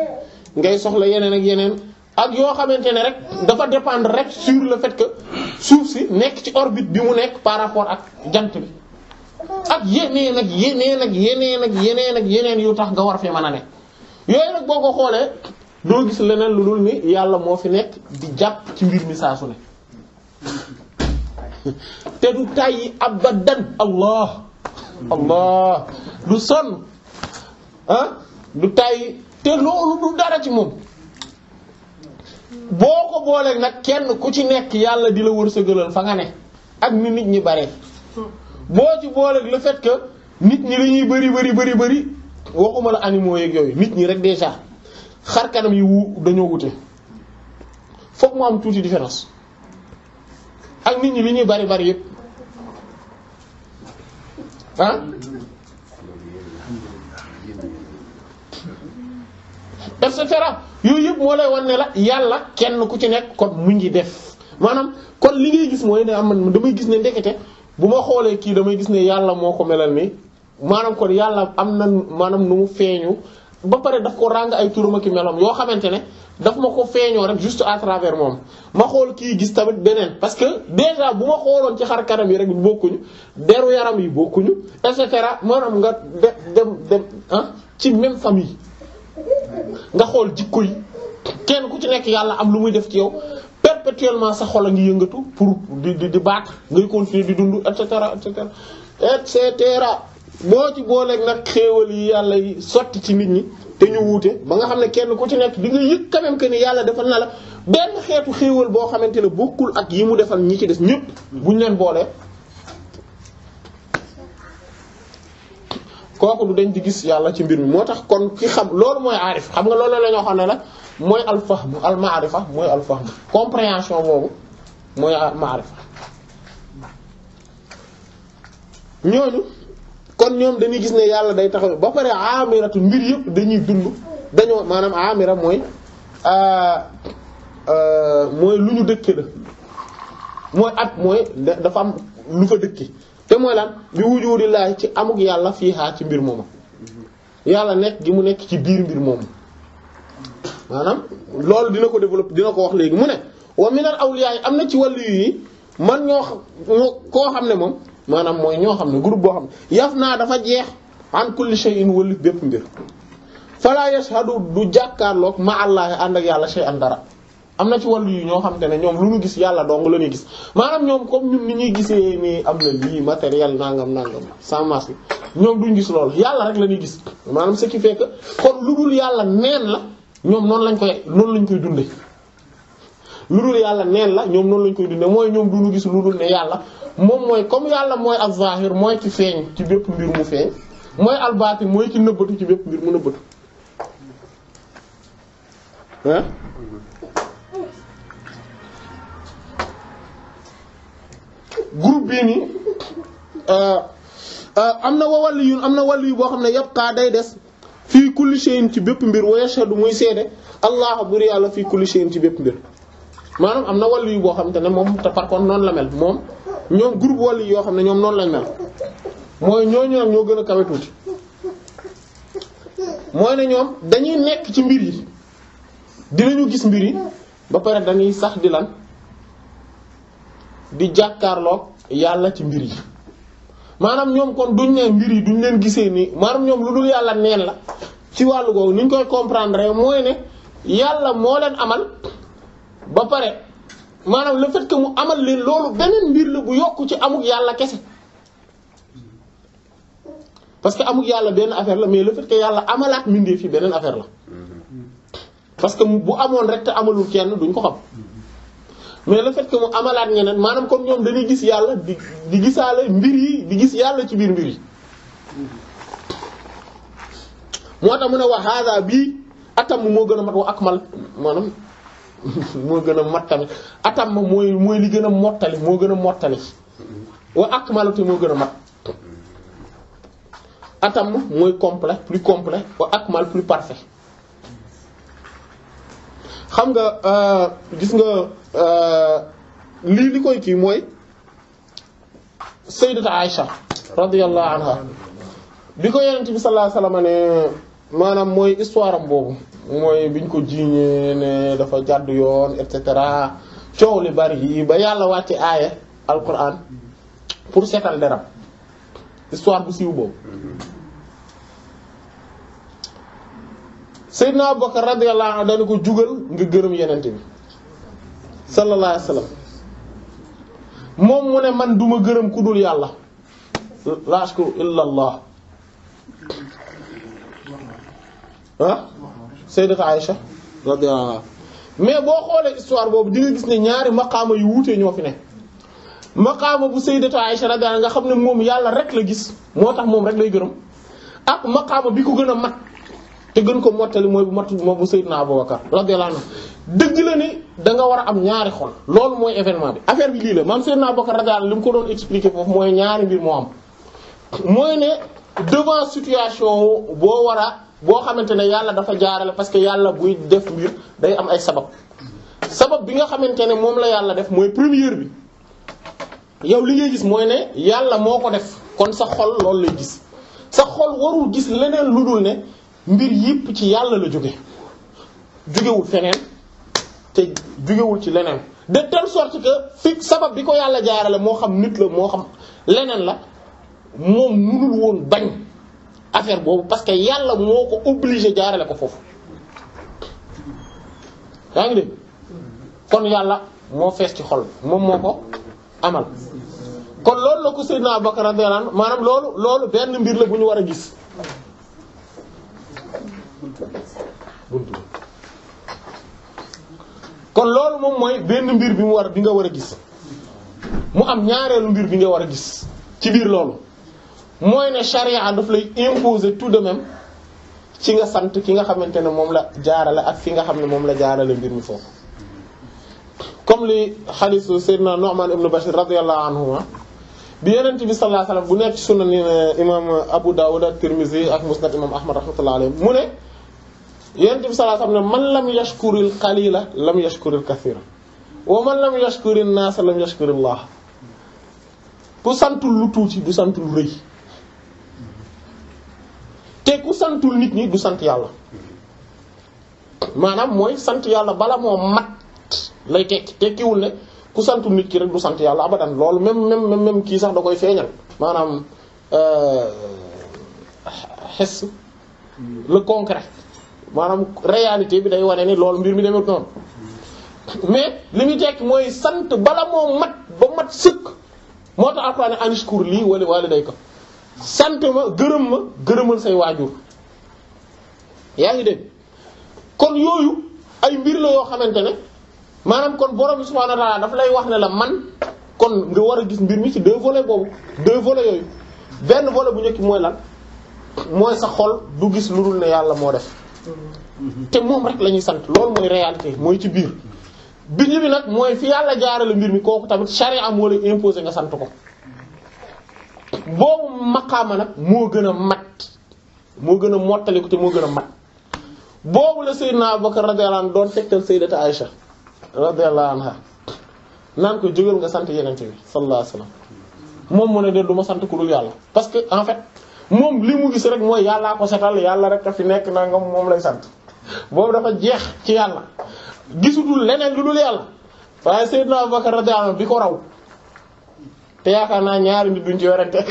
S1: ngay soxla yenen ak yenen ak yo xamantene rek dafa dépendre rek sur le fait que suuf si nekk ci orbite bi mu nek par rapport ak jant bi ak yeneen ak yeneen ak yeneen ak yeneen ak yeneen yu tax nga war fee man a ne yooyu nag boo ko xoolee doo gis leneen lu dul ni yàlla moo fi nekk di jàpp ci mbir mi saa ne te du tàyyi abadan allah allah du sonn ah du tàyyi te loolu du dara ci moom boo ko boolee nag kenn ku ci nekk yàlla di la wërsëgalal fa nga ne ak ni nit ñi bare boo ci booleeg le fait que nit ñi li ñuy bëri bëri bëri bëri waxuma la animaux yooyu nit ñi rek déjà xar kanam yi wu dañoo wute fokk mu am tuuti différence ak nit ñi li ñuy bari bari yépp ah. et cetera yooyu yëpp moo lay wan ne la yàlla kenn ku ci nekk kon mu ngi def maanaam kon li ngay gis mooy ne am damay gis ne ndekete. bu ma xoolee kii damay gis ne yàlla moo ko melal ni maanaam kon yàlla am na maanaam nu mu feeñu ba pare daf ko ràng ay turam ak melam yoo xamante ne daf ma ko feeñoo rek juste à travers moom ma xool kii gis tamit beneen parce que déjà bu ma xooloon ci xar kanam yi rek bokkuñu deru yaram yi bokkuñu et cetera maanaam nga dem dem ah ci même famille nga xool jikko yi kenn ku ci nekk yàlla am lu muy def ci yow perpétuellement sa xol a ngi yëngatu pour di di di baat ngay continuer di dund et cetera et cetera et cetera boo ci booleeg nag xéewal yi yàlla yi sotti ci nit ñi te ñu wuute ba nga xam ne kenn ku ci nekk di nga yëg quand même ni yàlla defal na la benn xeetu xéewal boo xamante ne bokkul ak yi mu defal ñi ci des ñëpp buñ leen boolee kooku du dañ di gis yàlla ci mbir mi moo tax kon ki xam loolu mooy aarif xam nga loolu la ñoo xam ne la mooy al fahmu al maarifa mooy al fahmu boobu mooy al maarifa ñooñu kon ñoom dañuy gis ne yàlla day taxaw ba pare amiratu mbir yëpp dañuy dund dañoo maanaam amira mooy euh, euh, mooy lu ñu dëkke la mooy at mooy dafa am lu fa dëkke te mooy lan bi wujudillaahi ci amuk yàlla fiihaa ci mbir moomu yàlla nekk gi mu nekk ci biir mbir moomu maanaam loolu dina ko développer dina ko wax léegi mu ne wa minal awliya yi am na ci wàllu yi man ñoo koo xam ne moom maanaam mooy ñoo xam ne groupe boo xam ne yaf naa dafa jeex an kulli shay'in wëlif bépp mbir fala yashhadu du jàkkaarloog ma allah ànd ak yàlla shay'an dara am na ci wàllu yi ñoo xam te ne ñoom lu ñu gis yàlla dong la ñuy gis maanaam ñoom comme ñun ni ñuy gisee ni am na lii matériel nangam nangam sans masque ñoom duñ gis loolu yàlla rek la ñuy gis maanaam ce qui fait kon lu dul yàlla neen la ñoom noonu lañ koy noonu lañ koy dunde lu dul yàlla neen la ñoom noonu lañ koy dunde mooy ñoom duñu gis lu dul ne yàlla moom mooy comme yàlla mooy az-zahir mooy ci feeñ ci bépp mbir mu feeñ mooy al-batin mooy ci nëbbatu ci bépp mbir mu nëbbatu hein groupe bii nii euh, euh, am na wa waliyun am na waliyu boo xam ne yabqa day des fii kulli shay'in ci bépp mbir wa yashhadu muy seede allah bur yàlla fii kulli shay'in ci bépp mbir maanaam am na wàllu yu boo xamante ne moom te par contre noonu la mel moom ñoom groupe yoo xam ne ñoom noonu lañ mel mooy ñooñu nag ñoo gën a kawe tuuti mooy ne ñoom dañuy nekk ci mbir yi dinañu gis mbir yi ba pare dañuy sax di lan di jàkkaarloog yàlla ci mbir yi maanaam ñoom kon duñ ne mbir yi duñ leen gisee nii maanaam ñoom lu dul yàlla neen la ci wàllu googu ni ñu koy comprendre mooy ne yàlla moo leen amal ba pare maanaam le fait mu amal leen loolu beneen mbir la bu yokk ci amuk yàlla kese. parce que amuk yàlla benn affaire la mais le fait yàlla amalaat mbindeef fii beneen affaire la parce que bu amoon rek te amalul kenn duñ ko xam. mais la fait que mu amalaat ñeneen maanaam comme ñoom dañuy gis yàlla di di gisaale mbir yi di gis yàlla ci biir mbir yi moo tax mu a wa hada bii atam moo gën a mat wa moo gën a mat tamit atam mooy mooy li gën a mottali moo gën a mottali wa akmal te moo gën a mat atam mooy complet plus complet wa akmal plus parfait xam nga euh, gis nga Euh, lii li koy kii mooy sayyidatu Aisha radiyallahu anha bi ko yonent bi sallallahu alayhi ne maanaam mooy histoire boobu mooy biñ ko jiiñee ne dafa jàdd yoon et cetera coow li bari ba yàlla wàcce aaya alquran pour seetal deram histoire bu siiw boobu Seydina Abubakar radiyallahu anhu dañu ko jugal nga gërëm yenente bi sallallahu alayhi wasallam mom mune man duma geureum kudul yàlla lasku illa allah ah sayyidat Aïcha radiyallahu mais boo xoolee histoire boobu di nga gis ne ñaari maqaama yu wuute ñoo ne maqaama bu sayyidatu Aïcha radiyallahu nga xam ne yàlla rek la gis moo tax rek lay gërëm ak maqaama bi ko gën a te gën ko mottali mooy bu mott moo bu Seydina Abubakar radiyallahu anhu dëgg la ni danga war a am ñaari xol loolu mooy événement bi affaire bi lii la maam Seydina Abubakar radiyallahu li mu ko doon expliquer foofu mooy ñaari mbir moo am mooy ne devant situation boo war a boo xamante ne yàlla dafa jaarale parce que yàlla buy def mbir day am ay sabab sabab bi nga xamante ne moom la yàlla def mooy première bi yow li ngay gis mooy ne yàlla moo ko def kon sa xol loolu lay gis mbir yëpp ci yàlla la jóge jógewul feneen te jógewul ci leneen de telle sorte que fi sabab bi ko yàlla jaarale moo xam nit la moo xam leneen la moom munul woon bañ affaire boobu parce que yàlla moo ko obligé jaarale ko foofu yaa ngi dégg kon yàlla moo fees ci xol moom moo ko amal kon loolu la ko Seydina Abubakar radiyallahu anhu maanaam loolu loolu benn mbir la bu ñu war a gis buntu kon loolu moom mooy benn mbir bi mu war bi nga war a gis mu am ñaareelu mbir bi nga war a gis ci biir loolu mooy ne charia daf lay imposer tout de même ci nga sant ki nga xamante ne moom la jaarale ak fi nga xam ne moom la jaarale mbir mi foofu comme li xadisu Seydina Nu'man ibn Bashir radiyallahu anhuma bi yenent bi sallallahu alayhi wasallam bu nekk sunan imam Abu Dawud ak ak Musnad imam Ahmad rahmatullahi mu ne yonent bi sallallahu alayhi wasallam ne man lam yashkuril qalila lam yashkuril kathira wa man lam yashkuril naasa lam yashkurillah ku santul lu tuuti du sant lu rëy te ku santul nit sant yàlla maanaam mooy sant yàlla bala moo mat lay tekki tekkiwul ne ku santul nit ki rek du sant yàlla abadan loolu même même même kii sax da koy feeñal maanaam euh, xes le concret manam réalité bi day wone ni lolou mbir mi demee non mais limi tek moy sante bala mo mat ba mat seuk moto alcorane alxuraan ne anishkur wala wala day ko sant ma geureum ma gërëmal say wajur yaangi de kon yoyu ay mbir la yo xamantene manam kon borom subhanahu wa ta'ala daf lay wax la man kon nga wara gis mbir mi ci deux volets bobu deux volets yoyu ben volet bu ñëk moy lan moy sa xol du gis lulul ne yalla mo def te moom rek la ñuy sant loolu mooy réalité mooy ci biir biir bi nag mooy fi yàlla jaarale mbir mi kooku tamit sharia moo lay imposer nga sant ko boobu maqaama nag moo gën a mat moo gën a ko te moo gën a mat boobu la Seydina Abubakar radiyallahu anhu doon tegtal Sayyidata Aïcha radiyallahu anha naan ko jógal nga sant yeneen bi sallallahu alayhi wasallam moom mu ne de du sant ku dul yàlla parce en fait moom li mu gis rek mooy yàllaa ko setal yàlla rek a fi nekk nangam moom lay sant boobu dafa jeex ci yàlla gisutul leneen lu dul yàlla waaye Seydina Abubakar radiyallahu anhu bi ko raw te yaakaar naa ñaari nit duñ ci werante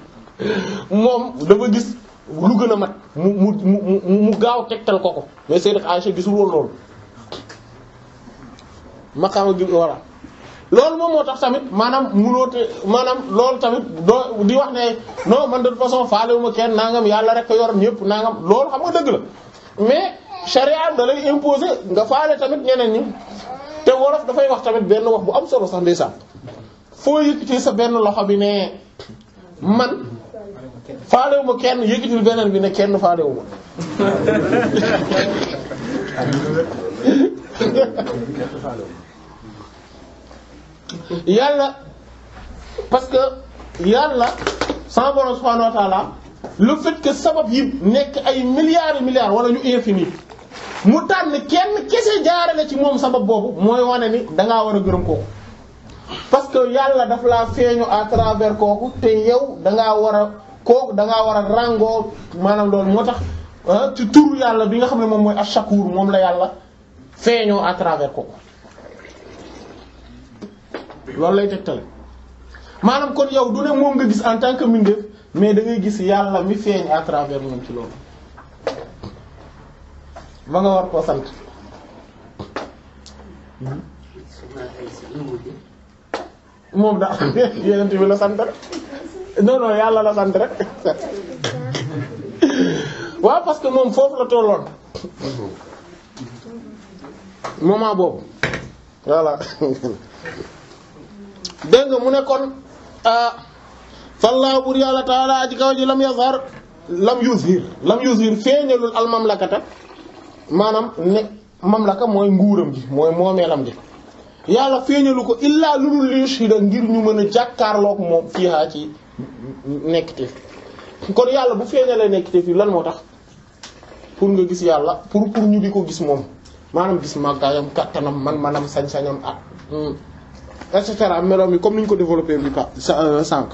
S1: moom dafa gis lu gën a mat mu mu mu mu gaaw tegtal ko ko mais Sayyidat Aisha gisul woon loolu maqaama gi voilà loolu moom moo tax tamit maanaam munoote maanaam loolu tamit doo di wax ne non man de toute façon faalewuma kenn nangam yàlla rek ko yor ñëpp nangam loolu xam nga dëgg la mais charia da lay imposer nga faale tamit ñeneen ñi te wolof dafay wax tamit benn wax bu am solo sax ndeysaan foo yëkkati sa benn loxo bi ne man faalewuma kenn yëkkatil beneen bi ne kenn faalewuma yàlla parce que yàlla sama borom subhanahu wa lu le fait que sabab yi nekk ay milliards milliards wala ñu infini mu tànn kenn kese jaarale ci moom sabab boobu mooy wane ni dangaa war a gërëm kooku parce que yàlla daf laa feeñu à travers kooku te yow dangaa war a kooku dangaa war a ràngoo maanaam loolu moo tax ah, ci turu yàlla bi nga xam ne moom mooy ashakur moom la yàlla feeñoo à travers kooku loolu lay tegtale maanam kon yow du ne moom nga gis en tant que mbindeef mais da ngay gis yàlla mi feeñ à travers moom ci loolu ba nga war koo sant moom da yenent bi la sant rek non non yàlla la sant rek waaw parce que moom foofu la tolloon moment boobu voilà dégg nga mu ne kon ah, fallaahu bur yàlla taala aji kaw ji lam yazhar lam yuzhir lam yuzhir feeñalul al mamlakata maanaam ne mamlaka mooy nguuram ji mooy moomeelam ji yàlla feeñalu ko illaa lu dul li yushhida ngir ñu mën a jàkkaarloog moom fiihaa ci nekkteef kon yàlla bu feeñalee nekkteef yi lan moo tax pour nga gis yàlla pour pour ñu di ko gis moom maanaam gis màggaayam kàttanam man-manam sañ-sañam ak hmm. et cetera meloom yi comme ni ñu ko développé bi pa euh, sànq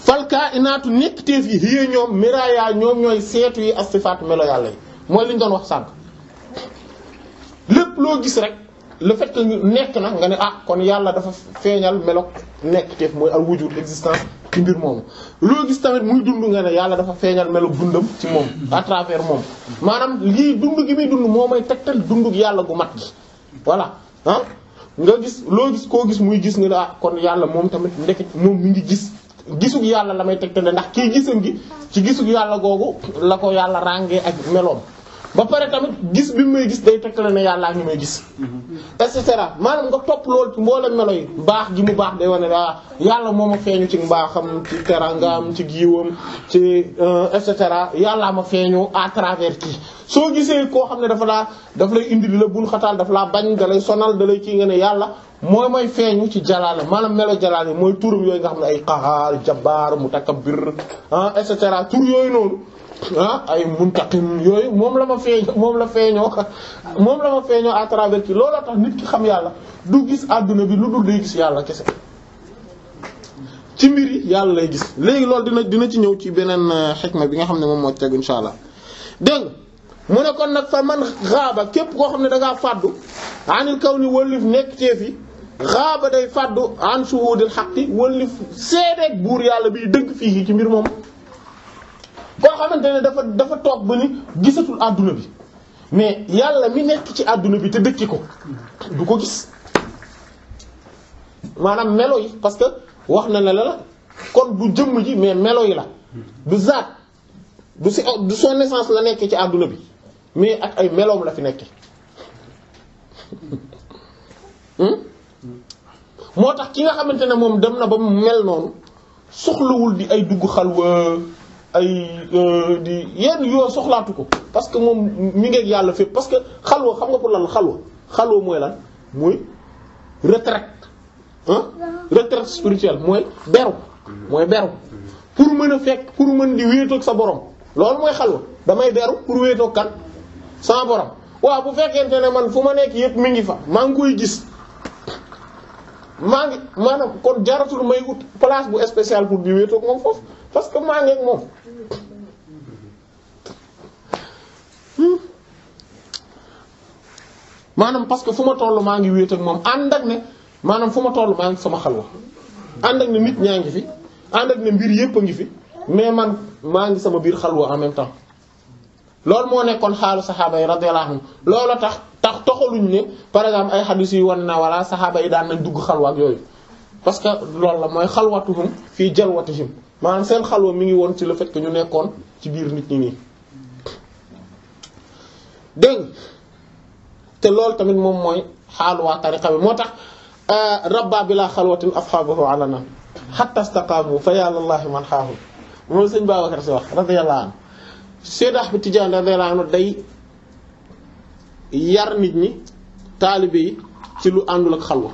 S1: falka inaatu nekkteef yi hiya ñoom miraya ñoom ñooy seetu yi astifaat melo yàlla yi mooy li doon wax sànq lépp loo gis rek le fait que nekk na nga ne ah kon yàlla dafa feeñal melo nekkteef mooy al wujud existence ci mbir moomu loo gis tamit muy dund nga ne yàlla dafa feeñal melo dundam ci moom à moom maanaam lii dund gi muy dund moo may tegtal dundug yàlla gu mat gi voilà nga gis loo gis koo gis muy gis nga laa ah, kon yàlla moom tamit ndeket moom mu ngi gis gisug yàlla la may tegtale ndax kii gisam gi ci gisug yàlla googu la ko yàlla ràngee ak meloom ba pare tamit gis bi mu may gis day tegtale ne yàllaa ngi may gis
S2: mm-hmm.
S1: et cetera maanaam nga topp loolu ci mboolem melo yi baax gi mu baax day wane daa ah, yàlla moo ma feeñu ci mbaaxam ci teraangam ci giiwam ci euh, et cetera yàllaa ma feeñu à travers kii soo gisee koo xam ne dafa laa daf lay indi di la xataal dafa laa bañ da lay sonal da lay kii nga ne yàlla mooy may feeñu ci jalaale maanaam melo jalaale mooy turam yooyu nga xam ne ay qahaar jabbaar mutakabbir ah et cetera tur yooyu noonu ah ay muntaqim yooyu moom la ma moom la feeñoo moom la ma feeñoo à ci looloo tax nit ki xam yàlla du gis àdduna bi lu dul day gis yàlla kese ci mbir yi yàlla lay gis léegi loolu dina dina ci ñëw ci beneen euh, xikma bi nga xam ne moom moo teg insha allah dégg mu ne kon nag fa man xaaba képp koo xam ne da ngaa fàddu anil kaw ni wëllif nekk teef yi xaaba day fàddu an suhudil xaqi wëllif seedeeg buur yàlla biy dëgg fii ci mbir moom ko xamantene dafa dafa toog bu ni gisatul àdduna bi mais yalla mi nek ci aduna bi te dëkki du ko gis maanaam melo yi parce que wax na la la kon du jëm ji mais melo yi la du zaat du si du son essence la nek ci aduna bi mais ak ay meloom la fi nekk hmm? moo tax ki nga xamantene mom dem na ba mel non soxlu wul di ay dugg wa ay euh, di yeen yo soxlaatu ko parce que mom mi ngeek yalla fépp parce que xalwa xam nga pour lan xalwa xalwa moy lan moy retraite hein retraite spirituelle moy beru moy beru pour meuna fek pour meun di ak sa borom loolu moy xalwa damay beru pour weto kan sa borom wa bu fekente ne man fuma nek yep mi ngi fa mang koy gis mang manam kon jaratul may ut place bu spécial pour di ak mom foofu parce que maa ngi ak moom hmm? maanaam parce que fu ma toll maa ngi wéet ak moom ànd ak ne maanaam fu ma toll maa ngi sama xalwa ànd ak ne nit ñaa ngi fi ànd ak ne mbir yépp a ngi fi mais man maa ngi sama biir xalwa en même temps loolu moo nekkoon xaalu saxaaba yi radiyallahu anhum loolu tax tax toxaluñ ne par exemple ay xadiis yu wan na wala saxaaba yi daan nañ dugg xalwaak yooyu parce que loolu la mooy xalwatuhum fii jalwatihim maanaam seen xalwa mi ngi woon ci le fait ñu nekkoon ci biir nit ñi nii dégg te loolu tamit moom mooy xaalu waa tariqa bi moo tax euh, rabba bila xalwatin ashabuhu alana hatta istaqamu fa ya lillahi man xaahu moom sëñ Babacar si wax radiyallahu anhu Seyd Ahmad Tijaan radiyallahu anhu day nit ñi taalibe yi ci lu àndul ak xalwa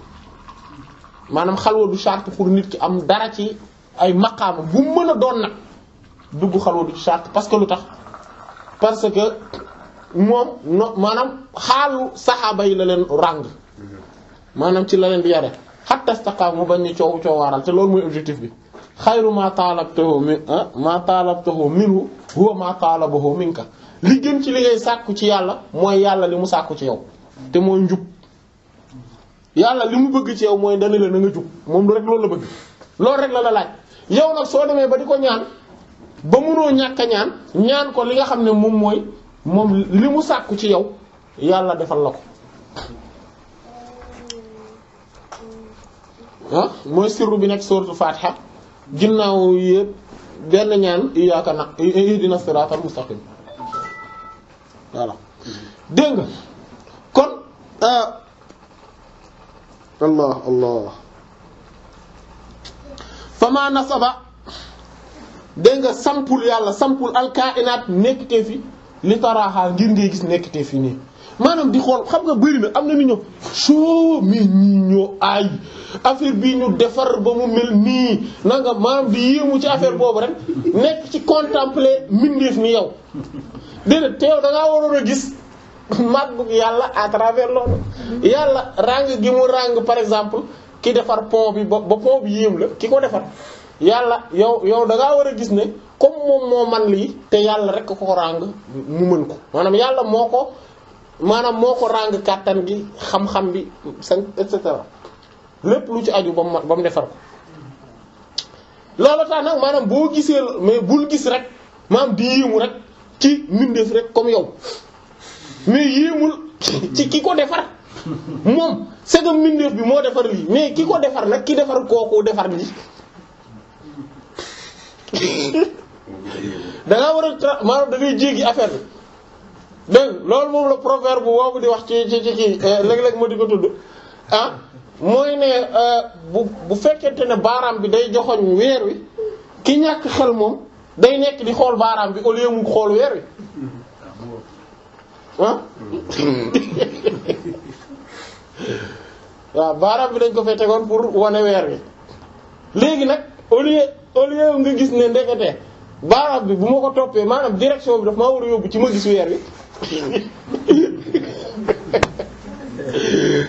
S1: maanaam xalwa du charte pour nit ki am dara ci ay maqaama bu mën a doon nag dugg xalwa du ci parce que lu tax parce que moom no maanaam xaalu saxaaba yi la leen ràng maanaam ci la leen di yare xatta mu bañ ñu coow coowaaral te loolu mooy objectif bi xayru ma taalabtahu mi ah ma taalabtahu minhu huwa ma taalabahu minka li gën ci li ngay sàkku ci yàlla mooy yàlla li mu sàkku ci yow te mooy njub yàlla li mu bëgg ci yow mooy dani la na nga jub moom rek loolu la bëgg loolu rek la la laaj yow nag soo demee ba di ko ñaan ba munoo ñàkk ñaan ñaan ko li nga xam ne moom mooy moom li mu sàkku ci yow yàlla defal la ko ah mooy sirru bi nekk suratul Fatiha ginnaaw yëpp benn ñaan iyyaka na ihdina siratal mustaqim voilà dégg nga kon ah allah allah wama nasaba dégg nga sampul yàlla sampul alkainaat nekkitee fi li taraaxaa ngir ngay gis nekkitee fi nii maanaam di xool xam nga bëri na am na ni ñoo soo mais ñii ñoo aay affaire bi ñu defar ba mu mel nii nanga maanaam di yéemu ci affaire boobu rek nekk ci contempler mbindeef mi yow déedéet te yow da ngaa waroon a gis màggug yàlla à travers loolu yàlla ràng gi mu ràng par exemple ki defar pont bi ba ba pont bi yéem la ki ko defar yàlla yow yow dangaa war a gis ne comme moom moo man lii te yàlla rek ko ko ràng mu mën ko maanaam yàlla moo ko maanaam moo ko ràng kàttan gi xam-xam bi san et cetera lépp lu ci aju ba mu ba mu defar ko loolu tax nag maanaam boo gisee mais bul gis rek maanaam bi yéemu rek ci mbindeef rek comme yow mais yéemul ci ki ko defar moom segam mbindeef bi moo defar lii mais ki ko defar nag ki defar kooku defar lii da war a maanaam da ngay jéggi affaire bi dégg loolu moom la proverbe boobu di wax ci ci ci kii euh, léeg-léeg ma di ko tudd ah, mooy ne euh, bu fekkente ne baaraam bi day joxoñ weer wi ki ñàkk xel moom day nekk di xool baaraam bi au lieu xool weer wi waaw baaraam bi dañ ko fay tegoon pour wane weer bi léegi nag au lieu au lieu nga gis ne ndekete baaraam bi bu ma ko toppee maanaam direction bi daf maa war a yóbbu ci ma gis weer bi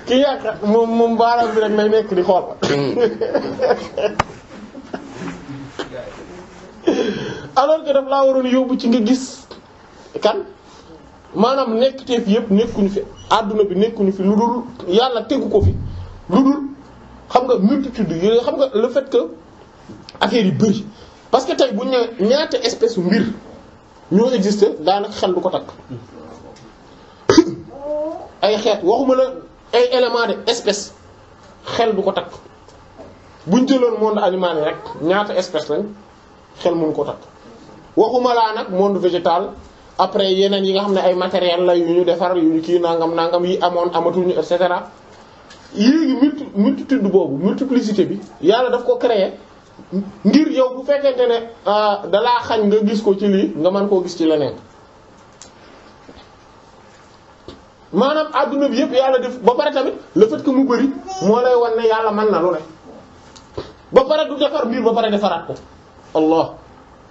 S1: ki yaakaar moom moom baaraam bi rek lay nekk di xool alors que daf laa waroon yóbbu ci nga gis kan maanaam nekkteef yëpp nekkuñu fi àdduna bi nekkuñu fi lu dul yàlla tegu ko fi lu dul xam nga multitude yi xam nga le fait que affaire yi bëri parce que tey bu ñu ñaata espèce mbir ñoo existé daanaka xel du ko takk ay xeet waxuma la ay élément de xel du ko takk buñ jëloon monde animal yi rek ñaata espèce lañ xel mënu ko takk waxuma laa nag monde végétal après yeneen yi nga xam ne ay matériel la yu ñu defar yu ñu kii nangam nangam yi amoon amatuñu et cetera yii multi multitude boobu multiplicité bi yàlla daf ko créer ngir yow bu fekkente ne ah, dalaa xañ nga gis ko ci lii nga mën koo gis ci leneen maanaam adduna bi yëpp yàlla def ba pare tamit le fait que mu bëri moo lay wan ne yàlla mën na lu ne ba pare du defar mbir ba pare defaraat ko allah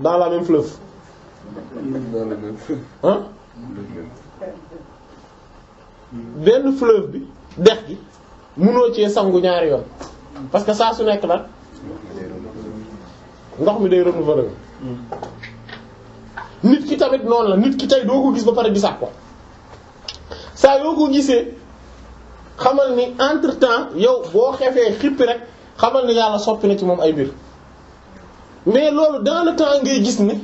S1: dans la même fleuve ah benn fleuve bi dex gi mënoo cee sangu ñaari yoon parce que saa su nekk la ndox mi day renouveler nit ki tamit noonu la nit ki tey doo ko gis ba pare di sàkk ko saa yoo ko gisee xamal ni entre temps yow boo xefee xippi rek xamal ni yàlla soppi na ci moom ay mbir mais loolu dans le temps ngay gis ni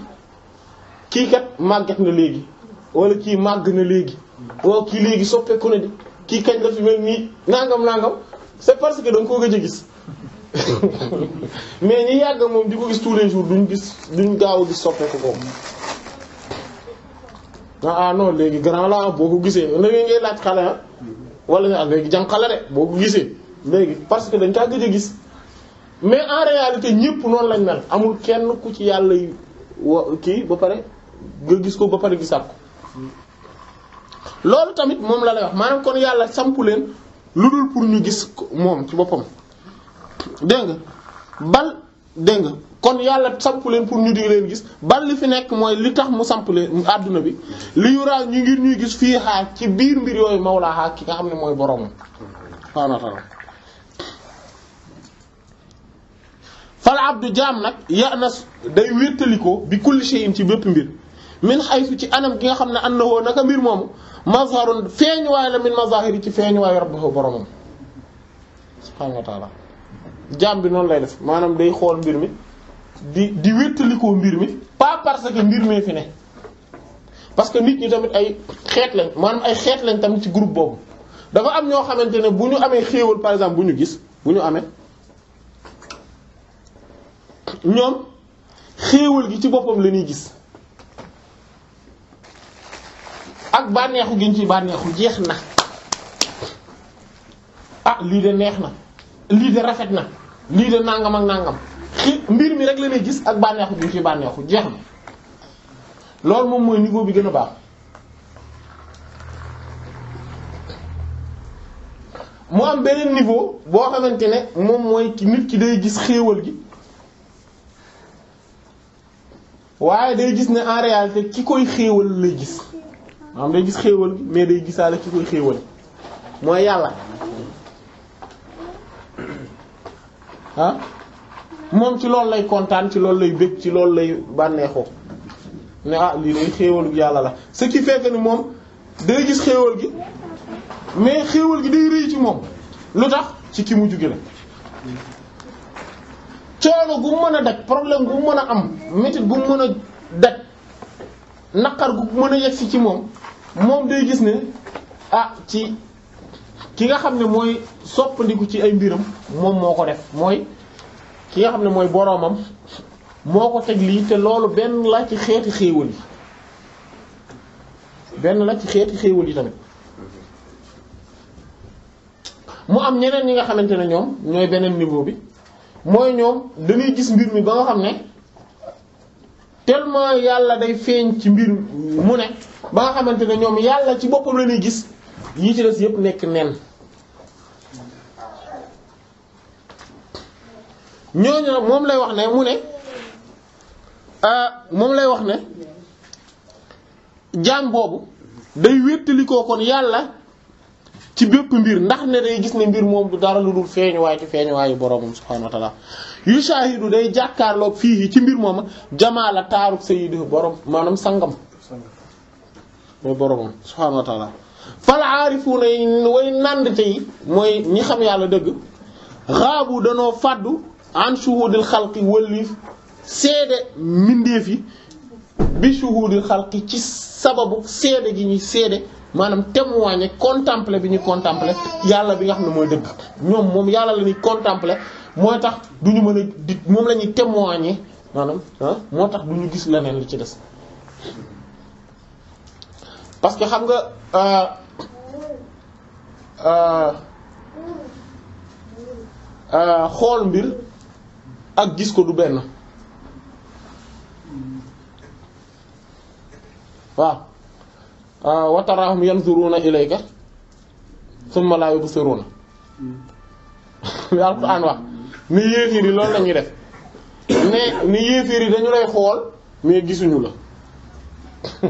S1: kii kat màgget na léegi wala kii màgg na léegi wala kii léegi soppeeku na di kii kañ la fi mel nii nangam nangam c'est parce que da nga koo gëj a gis mais ñi yàgg moom di ko gis tous les jours duñ gis duñ gaaw di soppeeku ko ah, ah non léegi grand la boo ko gisee na ngay ngay laaj xale ah wala ah, léegi jànqale de boo ko gisee léegi parce que dañ kaa gëj a gis. Men an reyalite, nye pou nan lanymel. Amou ken nou kouti yale ki, bopare, ge gisko, bopare gisak. Lòl tamit, moun lalè. Man kon yale sam pou lèn, loul pou nye gis moun, ki bopon. Dengè, bal, dengè, kon yale sam pou lèn pou nye gis, bal li fènek mwen, li tak mwen sam pou lèn, mwen adounè bi, li yura nye gis fie ha, ki bin miryo yon moun la ha, ki kame mwen yon boron moun. Pan atan moun. fal abdu jaam nag yanas day weteliko bi kulli shay'in ci bépp mbir min xaysu ci anam gi nga xamne annahu naka mbir mom mazharun feñ way la min mazahiri ci feñ way rabbuhu borom subhanahu wa ta'ala jam bi non lay def manam day xol mbir mi di di weteliko mbir mi pa parce que mbir mi fi ne parce que nit ñi tamit ay xet lañ manam ay xet lañ tamit ci groupe bobu dafa am ño xamantene buñu amé ñu par exemple buñu gis buñu amé ñoom xéewal gi ci boppam la ñuy gis ak bànneexu gi ñu ci bànneexu jeex na ah lii de neex na lii de rafet na lii de nangam ak nangam xi mbir mi rek la gis ak bànneexu gi ñu ci bànneexu jeex na loolu moom mooy niveau bi gën a baax mu am beneen niveau boo xamante ne moom mooy ki nit ki day gis xéewal gi waaye day gis ne en réalité ki koy xéewal lay gis maanaam day gis xéewal mais day gisaale ki xéewal mooy yàlla ah moom ci loolu lay kontaan ci loolu lay bëgg ci loolu lay bànneexoo ne ah li day xéewalu yàlla la ce qui fait ni moom day gis xéewal gi mais xéewal gi day rëy ci moom lu tax ci ki mu jóge la coono gu mu mën a daj problème gu mu mën a am métit gu mu mën a daj naqar gu mën a yegsi ci moom moom day gis ne ah ci ki nga xam ne mooy soppandiku ci ay mbiram moom moo ko def mooy ki nga xam ne mooy boroomam moo ko teg lii te loolu benn la ci xeeti xéewal yi benn la ci xeeti xéewal yi tamit mu am ñeneen ñi nga xamante ne ñoom ñooy beneen niveau bi mooy ñoom dañuy gis mbir mi ba nga xam ne tellement yàlla day feeñ ci mbir mu ne ba nga xamante ne ñoom yàlla ci boppam lañuy gis yi ci des yëpp nekk nen ñooñu nag moom lay wax ne mu ne ah, moom lay wax ne jaam boobu day wéttalikoo kon yàlla ci bépp mbir ndax ne day gis ne mbir mom du dara lu dul way ci way borom subhanahu wa ta'ala yu shahidu day jakarlo fi ci mbir mom jamaala taruk sayyidu borom manam sangam moy borom subhanahu wa ta'ala fal aarifuuna way nandte yi moy ñi xam yàlla deug ghabu dano fàddu an shuhudil khalqi walif sede minde fi bi shuhudil khalqi ci sababu sede gi ñi sede maanaam témoigner contempler bi ñu contempler yàlla bi nga xam ne mooy dëgg ñoom moom yàlla la ñuy contempler mooy tax du ñu mën a di moom la ñuy témoigner maanaam ah moo tax du ñu gis leneen li ci des parce que xam nga euh, euh, euh, xool mbir ak gis ko du benn waaw Ah, wa taraahum yanzuruna ilayka summa laa yubsiruna alquran wax ni yéefir yi loolu lañuy def mais ni yéefir yi dañu lay xool mais gisuñu la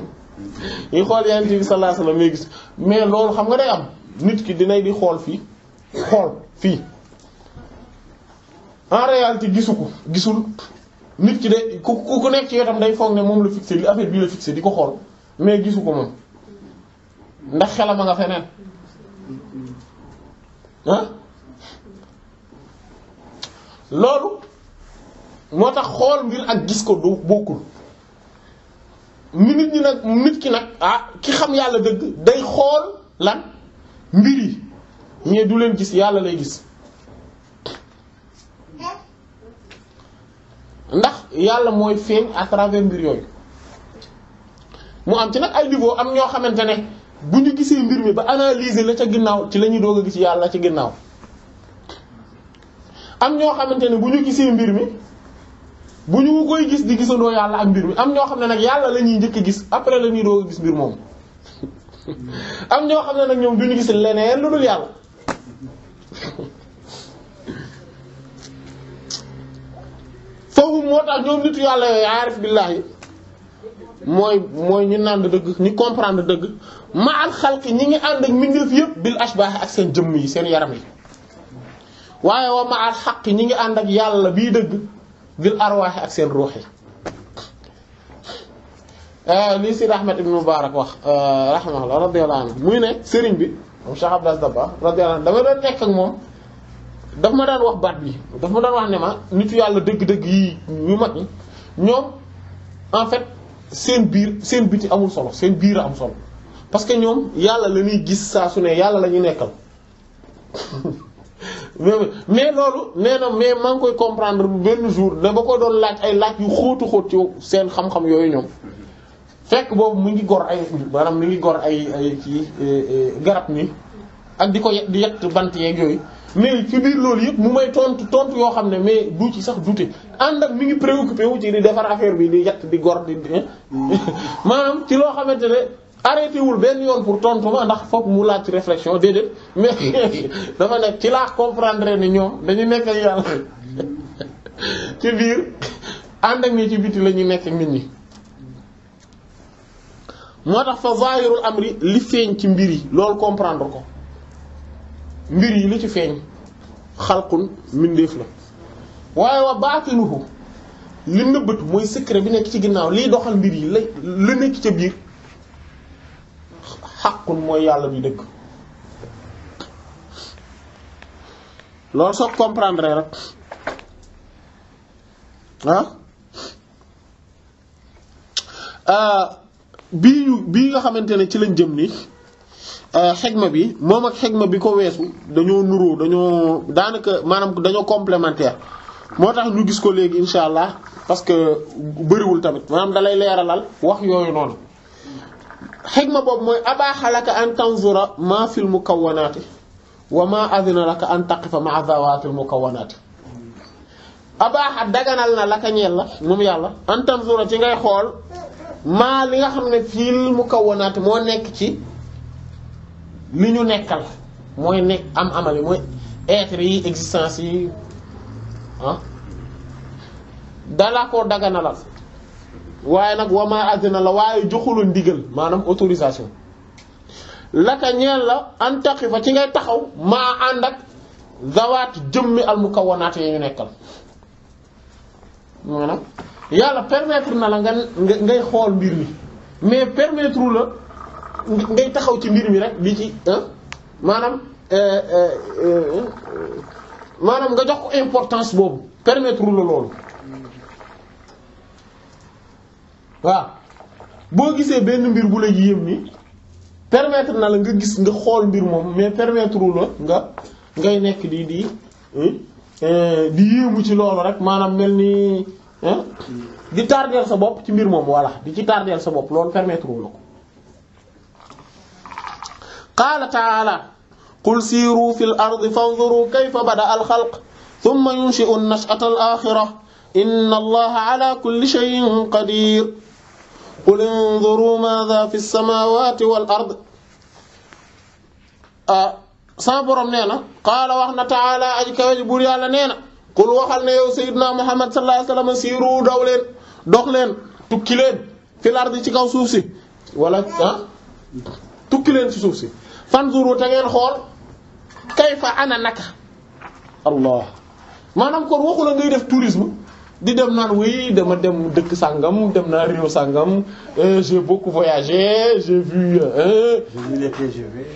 S1: yi xool yonent bi sallallahu alayhi wasallam mais gis mais loolu xam nga day am nit ki dina di xool fii xool fii en réalité gisu ko gisul nit ki day ku ku nekk ci wetam day foog ne moom la fixé li affaire bii la fixé di ko xool mais gisu ko moom ndax xelama nga feneen ah loolu moo tax xool mbir ak gis ko du bokkul mi nit ñi nag nit ki nag ah ki xam yàlla dëgg day xool lan mbir yi mais du leen gis yàlla lay gis ndax yàlla mooy feeñ à travers mbir yooyu mu am ci nag ay niveau am ñoo xamante ne bu ñu gisee mbir mi ba analyser la ca ginnaaw ci la ñuy doog a gis yàlla ci ginnaaw am ñoo xamante ne bu ñu gisee mbir mi bu ñu koy gis di gisandoo yàlla ak mbir mi am ñoo xam ne nag yàlla lañuy njëkk a gis après la ñuy doog a gis mbir moom am ñoo xam ne nag ñoom du ñu gis leneen lu dul yàlla foofu moo tax ñoom nitu yàlla yooyu aarif billaahi mooy mooy ñu naan dëgg ñu comprendre dëgg ma al xalqi ñi ngi ànd ak mbindeef yëpp bil ashbaax ak seen jëmm yi seen yaram yi waaye wa ma al xaq ñi ngi ànd ak yàlla bi dëgg bil arwaax ak seen ruux yi euh, lii si Ahmad ibn Mubarak wax euh, rahimahullah radiyallahu anhu muy ne sëriñ bi moom Cheikh Abdou Aziz Dabakh radiyallahu dama doon nekk ak moom daf ma daan wax baat bi daf ma daan wax ne ma nitu yàlla dëgg-dëgg yi yu mag ñi ñoom en fait seen biir seen biti amul solo seen biir a am solo parce que ñoom yàlla la ñuy gis saa su ne yàlla la ñuy nekkal mais loolu nee na mais maa ngi koy comprendre bu benn jour da ba ko doon laaj ay laaj yu xóotu xóot ci seen xam-xam yooyu ñoom fekk boobu mu ngi gor ay maanaam mu ngi gor ay ay ci e, e, garab ni ak di ko yet di yett bant yeeg yooyu mais ci biir loolu yëpp mu may tontu tontu yoo xam ne mais du ci sax dute ànd ak mi ngi préoccupé wu ci di defar affaire bi di yett di gor di mm. maanaam ci loo xamante ne arrêté wul benn yoon pour tontu ndax foog mu laaj ci réflexion déedéet mais dafa nekk ci laa comprendre ni ñoom dañu nekk ak yàlla ci biir ànd ak ni ci biti la ñuy nekk nit ñi. moo tax fa zahirul amri li feeñ ci mbir yi loolu comprendre ko mbir yi li ci feeñ xalqun mbindeef la waaye wa baatinuhu li nëbbatu mooy secret bi nekk ci ginnaaw liy doxal mbir yi la la nekk ca biir. xaqun mooy yàlla bi dëgg loolu soo comprendre rek ah, ah bii ñu bii nga xamante ne ci lañ jëm ni ah, xegma bi moom ak xegma bi ko weesu dañoo nuroo dañoo daanaka maanaam dañoo complémentaire moo tax ñu gis ko léegi incha allah parce que bëriwul tamit maanaam dalay leeralal wax yooyu noonu hikma bob moy abaaxa laka an tanzura ma fil mukawanaati wa ma adina laka an taqifa ma maa zawaatil mukawanaati abaaxa daganal na laka ñel la mum yàlla an tanzura ci ngay xol ma li nga xamne fil mukawanaati mo nek ci mi ñu nekkal moy nek am amali moy être yi existence yi han dala ko daganalal waaye nag wama azina la waaye joxula ndigal maanaam autorisation laka ñeel la an fa ci ngay taxaw maa ànd ak zawaat jëmmi al mukawwanaat yi ñu nekkal maanaam yàlla permettre na la nga ngay xool mbir mi mais permettre la ngay taxaw ci mbir mi rek di ci maanaam euh, euh, euh, maanaam nga jox ko importance boobu permettre la loolu wa bo gisé ben mbir bu la yëm ni permettre na la nga gis nga xol mbir mom mais permettre la nga ngay nek di di euh di yëmu ci lolu rek manam melni hein di tarder sa bop ci mbir mom wala di ci tarder sa bop lolu permettre la ko qala ta'ala qul siru fil ardi fanzuru kayfa bada'a al-khalq thumma yunshi'u an-nash'ata al-akhirah inna allaha ala kulli shay'in qadir qul unzuru maadha fi samaawaati wal ard sa borom nee na qaala wax na taala aji kawe ji buur yàlla nee na qul waxal ne yow sayyidna muhammad sallallahu alayhi wasallam siiru daw leen dox leen tukki leen fil ardi ci kaw suuf si wala ah tukki leen ci suuf si fanzuru te ngeen xool kayfa ana naka allah maanaam kon waxu la ngay def tourisme di dem oui dama dem sangam dem sangam euh, j'ai beaucoup voyagé j'ai vu. Euh, hein. j'ai vu les TGV.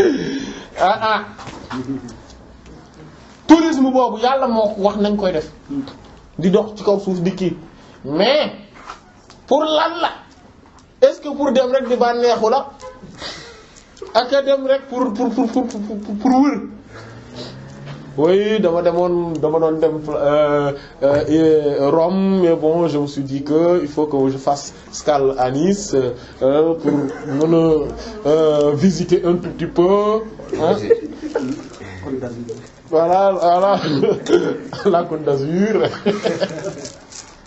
S1: ah ah. tourisme bobu yalla moko wax nañ koy def. di dox ci kaw mais pour l'Allah, est-ce que pour dem rek di bànneexu la ak dem rek pour pour pour pour pour oui dama mon dama doon dem Rome mais bon je me suis dit que il faut que je fasse escale à Nice euh, pour mën euh, visiter un petit peu hein? voilà voilà la Côte d'Azur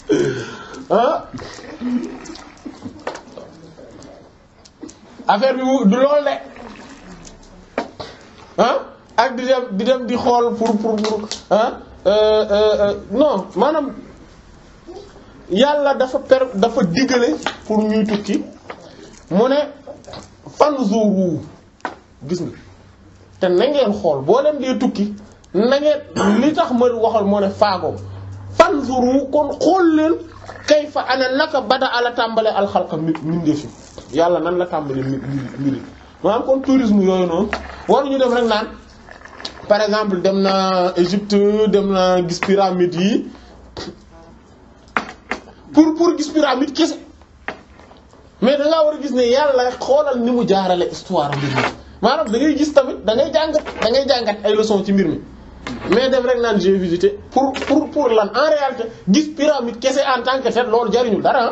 S1: hein affaire du lolé hein ak di dem di xool pour pour pour ah non maanaam yàlla dafa per dafa digale pour ñuy tukki mu ne fanzuru gis nga te na ngeen xool boo leen dee tukki na ngeen li tax ma waxal moo ne faago fanzuru kon xool leen kay fa ana naka bada ala tàmbale alxalqa mbindee fi yàlla nan la tàmbale mbiri maanaam kon tourisme yooyu noonu waruñu def rek naan. par exemple dem na Égypte dem na gis pyramide yi pour pour gis pyramide kese mais da ngaa wara gis ne yalla xolal ni mu jaarale histoire mbir mi da ngay gis tamit da ngay jàngat da ngay jangat ay leçon ci mbir mi mais dem rek nan j'ai visité pour pour pour lan en réalité gis pyramide kese en tant que fait lolu jariñu dara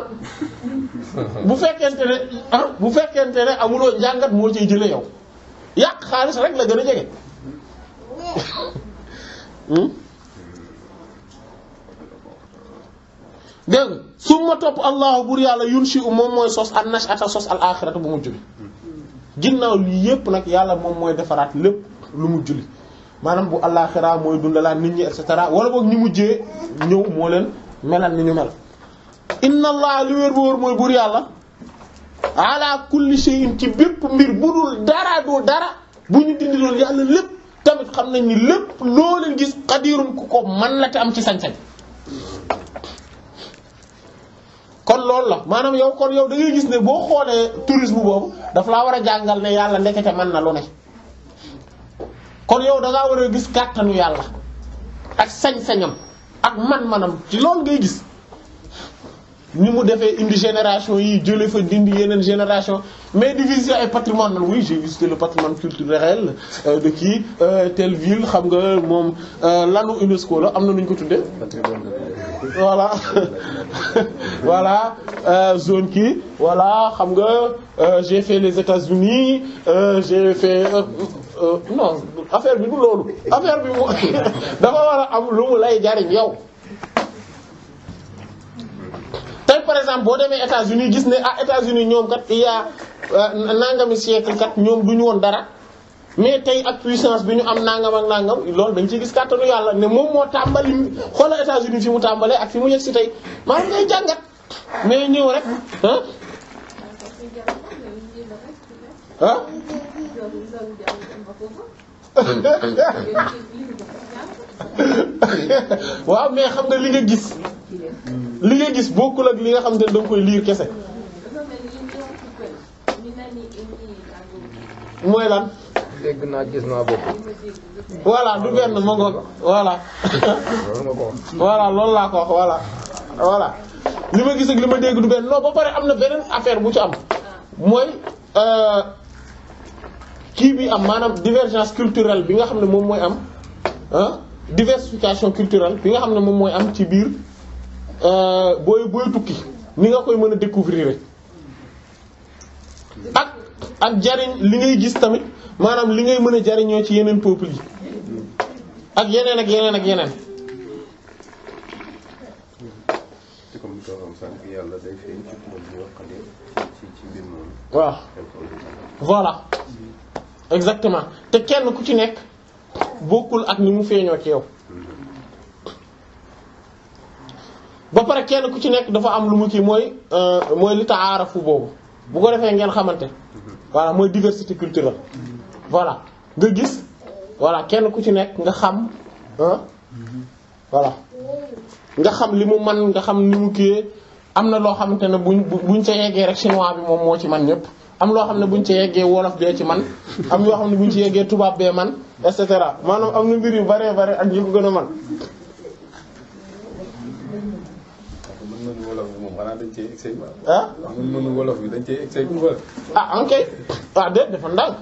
S1: ah. bu fekkente ne ah, bu fekkente ne amuloo jangat mo ci jëlee yow yak khalis rek la gëna a Hmm? dégg nga su ma topp allahu bur yàlla yun si moom mooy sos an nash ata sos al bu mujj bi ginnaaw lii yépp nag yàlla moom mooy defaraat lépp lu mujj li maanaam bu alaxira mooy dundalaat nit ñi et cetera wala boog mujjee ñëw moo leen melal ni ñu mel inna allah li wér ba wér mooy bur yàlla ala kulli shay'in ci bépp mbir bu dul dara doo dara bu ñu dindi doon yàlla lépp tamit xam nañ ni lépp loo leen gis xadirun ku ko man la te am ci sañ-sañ kon loolu la maanaam yow kon yow da ngay gis ne boo xoolee tourisme boobu daf laa war a jàngal ne yàlla ndekete mën na lu ne kon yow da ngaa war a gis kàttanu yàlla ak sañ-sañam ak man-manam ci loolu ngay gis Nous mu une une génération yi fa dindi génération mais division et patrimoine oui j'ai visité le patrimoine culturel euh, de qui euh, telle ville xam nga là euh, lanu UNESCO la amna voilà voilà zone qui voilà xam j'ai fait les États-Unis j'ai fait non affaire bi affaire bi dafa am lu par exemple boo demee États-Unis gis ne ah États-Unis ñoom kat il y a euh, nangami siècle kat ñoom du ñu woon dara mais tey ak puissance bi ñu am nangam ak nangam loolu dañ ciy gis kàttanu yàlla ne moom moo tàmbali xoola États-Unis fi mu tàmbalee ak fi mu yegg si tey maa ngi lay jàngat mais ñëw rek ah. ah. waaw mais xam nga li nga gis. li nga gis bokkul ak li nga xam ne da koy liir kese. mooy lan. dégg naa gis naa bopp. voilà du benn ma ngoog voilà. voilà loolu laa ko wax voilà. voilà li ma gis ak li ma dégg du benn non ba pare am na beneen affaire bu ci am. mooy euh, kii bi am maanaam divergence culturelle bi nga xam ne moom mooy am ah diversification culturelle bi nga xam ne moom mooy am ci biir. Euh, booy booy tukki ni nga koy mën a découvrir ak ak jariñ li ngay gis tamit maanaam li ngay mën a jariñoo ci yeneen peuple yi ak yeneen ak yeneen ak yeneen. waaw voilà exactement te kenn ku ci nekk bokkul ak ni mu feeñoo ci yow. ba pare kenn ku ci nekk dafa am lu mu kii mooy euh, mooy li taarafu boobu bu ko defee ngeen xamante voilà mooy diversité culturelle voilà nga gis voilà kenn ku ci nekk nga xam ah voilà nga xam li mu man nga xam ni mu kii am na loo xamante ne buñ buñ ca yeggee rek chinois bi moom moo ci man ñëpp am loo xam ne buñ ca yeggee wolof bee ci man am yoo xam ne buñ ci yeggee tubaab bee man et cetera maanaam am na mbir yu baree bare ak ñu ko gën a man mën-mënu ah? wolof bi dañ cee excès ah mën-mënu wolof bi ok ah déet dafa ndànk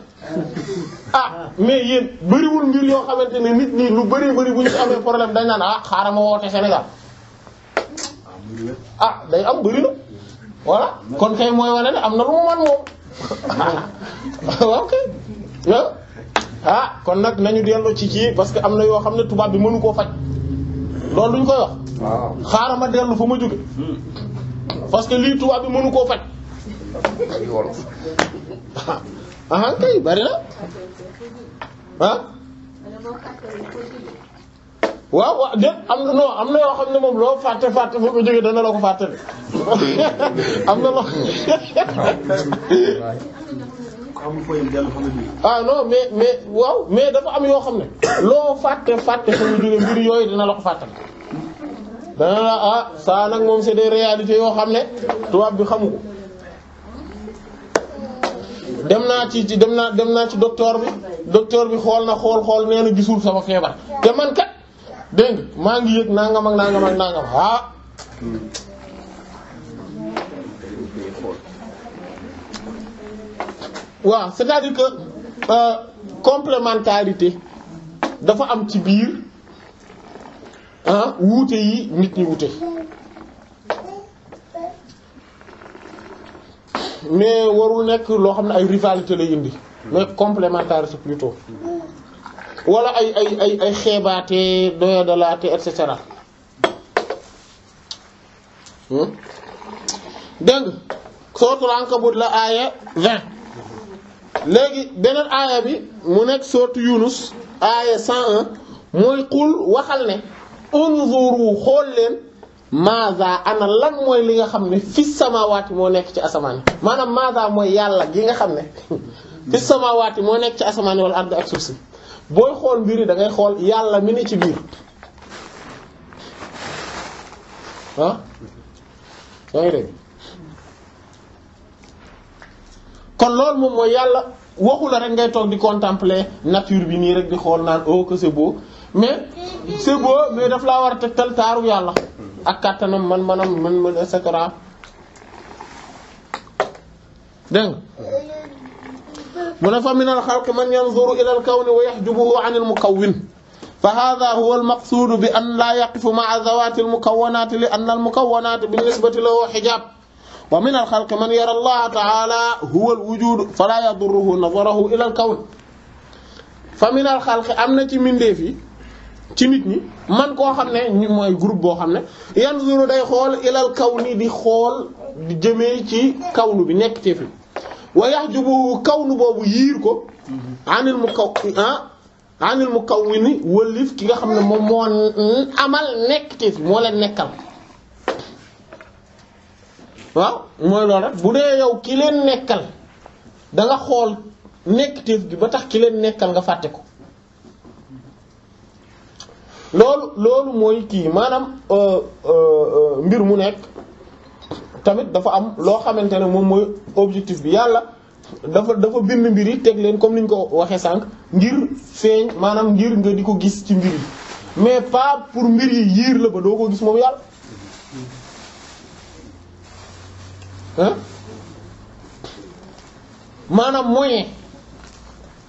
S1: ah mais yéen bëriwul mbir yoo xamante ne nit ñi lu bëri bëri amee problème dañ naan ah xaaral ma woote Sénégal ah day am bëri na voilà kon kay mooy wane ne am na lu mu man moom waaw ah kon nag nañu dellu ci kii parce que am na yoo xam ne tubaab bi mënu koo faj. loolu duñ koy wax. waaw xaaral ma dellu fa ma jóge hmm. parce que lii tubaab bi mënu koo faj. ah kay bari na ah. waaw waaw déet am na non am na yoo xam ne moom loo fàtte fàtte foo ko jógee dana la ko fàtte am na loo. ah non mais mais waaw mais dafa am yoo xam ne loo fàtte fàtte suñu jure mbir yooyu dina la ko fàttal dana la ah saa nag moom c'est des réalités yoo xam ne tubaab bi xamu ko dem naa ci ci dem naa dem naa ci docteur bi docteur bi xool na xool xool nee na gisul sama feebar te man kat dégg maa ngi yëg nangam ak nangam ak nangam ah waaw c'est-à-dire que euh, complémentarité dafa am ci biir ah wuute yi nit ñi wuute mais warul nekk loo xam ne ay rivalité lay indi mais complémentarité plutôt wala ay ay ay ay xeebaate doyadalaate et cetera hmm? dégg nga sootul Ankabut la aaya léegi beneen aaya bi mu nekk sourate Yunus aaya 101 mooy xul waxal ne unzuru xool leen maaza ana lan mooy li nga xam ne fi samawaati moo nekk ci asamaan maanaam maaza mooy yàlla gi nga xam ne fi samawaati moo nekk ci asamaan wala ard ak suuf si booy xool mbir yi da xool yàlla mi ne ci biir ah kon loolu mom moy yàlla waxula rek ngay tok di contempler nature bi ni rek di xol nan oh que c'est beau mais c'est beau mais daf laa war a tal taru yàlla ak katanam man manam man man et cetera deng munafa min al khalq man yanzuru ila al kawn wa yahjubuhu an al mukawwin fa hada huwa al maqsuudu bi an laa yaqifu ma'a zawaati al mukawwanaati li anna al mukawwanaati bi nisbati lahu xijaab ومن الخلق من يرى الله تعالى هو الوجود فلا يضره نظره الى الكون فمن الخلق امنا تي مندي في تي نيت ني مان كو خامني ني موي غروب بو خامني ينظر داي خول الى الكون دي خول دي جيمي تي كون بي نيك تي في ويحجبه كون بوبو يير كو عن المكون ها عن المكون وليف كيغا خامني مو مو عمل نيك تي مو لا نيكال waaw mooy loolu rek bu dee yow ki leen nekkal da nga xool nekkteef gi ba tax ki leen nekkal nga fàtte ko loolu loolu mooy kii maanaam euh, euh, euh, mbir mu nekk tamit dafa am loo xamante ne moom mooy objectif bi yàlla dafa dafa bind mbir yi teg leen comme ni ñu ko waxee sànq ngir feeñ maanaam ngir nga di ko gis ci mbir yi mais pas pour mbir yi yiir la ba doo ko gis moom yàlla maanaam moyen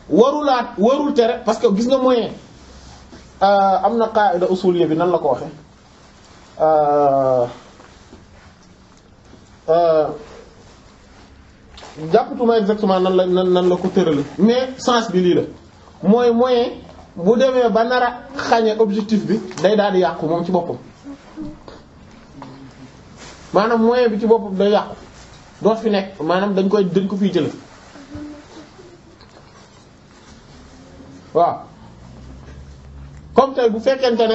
S1: warulaat warul tere parce que gis nga moyen euh, am na qaida usuliyya bi nan la ko waxe euh, euh, jàppatuma exactement nan la nan nan la ko tërale mais sens bi lii la mooy moyen bu demee ba nar a xàññee objectif bi day daal di yàqu moom ci boppam maanaam moyen bi ci boppam day yàqu doo fi nekk maanaam dañ koy dañ ko fiy jël waaw comme tey bu fekkente ne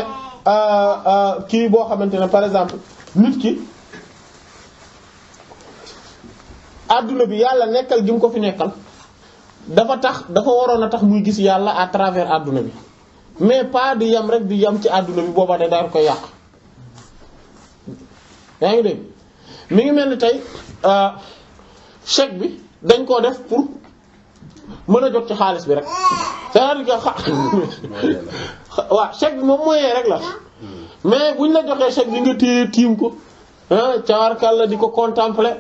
S1: euh, euh, kii boo xamante ne par exemple nit ki adduna bi yàlla nekkal gi mu ko fi nekkal dafa tax dafa waroon a tax muy gis yàlla à travers adduna bi mais pas di yam rek di yam ci àdduna bi booba de daal koy yàq yaa ngi de mi ngi mel ni tey euh, chèque bi dañ koo def pour mën a jot ci xaalis bi rek c'est-à-dire que waaw chèque bi moom moyen rek la hmm. mais buñ la joxee chèque bi nga téye tiim ko ah cawarkal la di ko contempler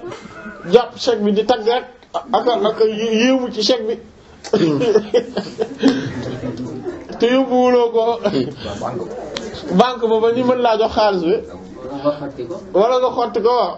S1: jàpp chèque bi di tagg rek ak ak yéemu ci chèque bi te yóbbu wuloo ko banque ba ba ñu mën laa jox xaalis bi wala nga xotti ko waaw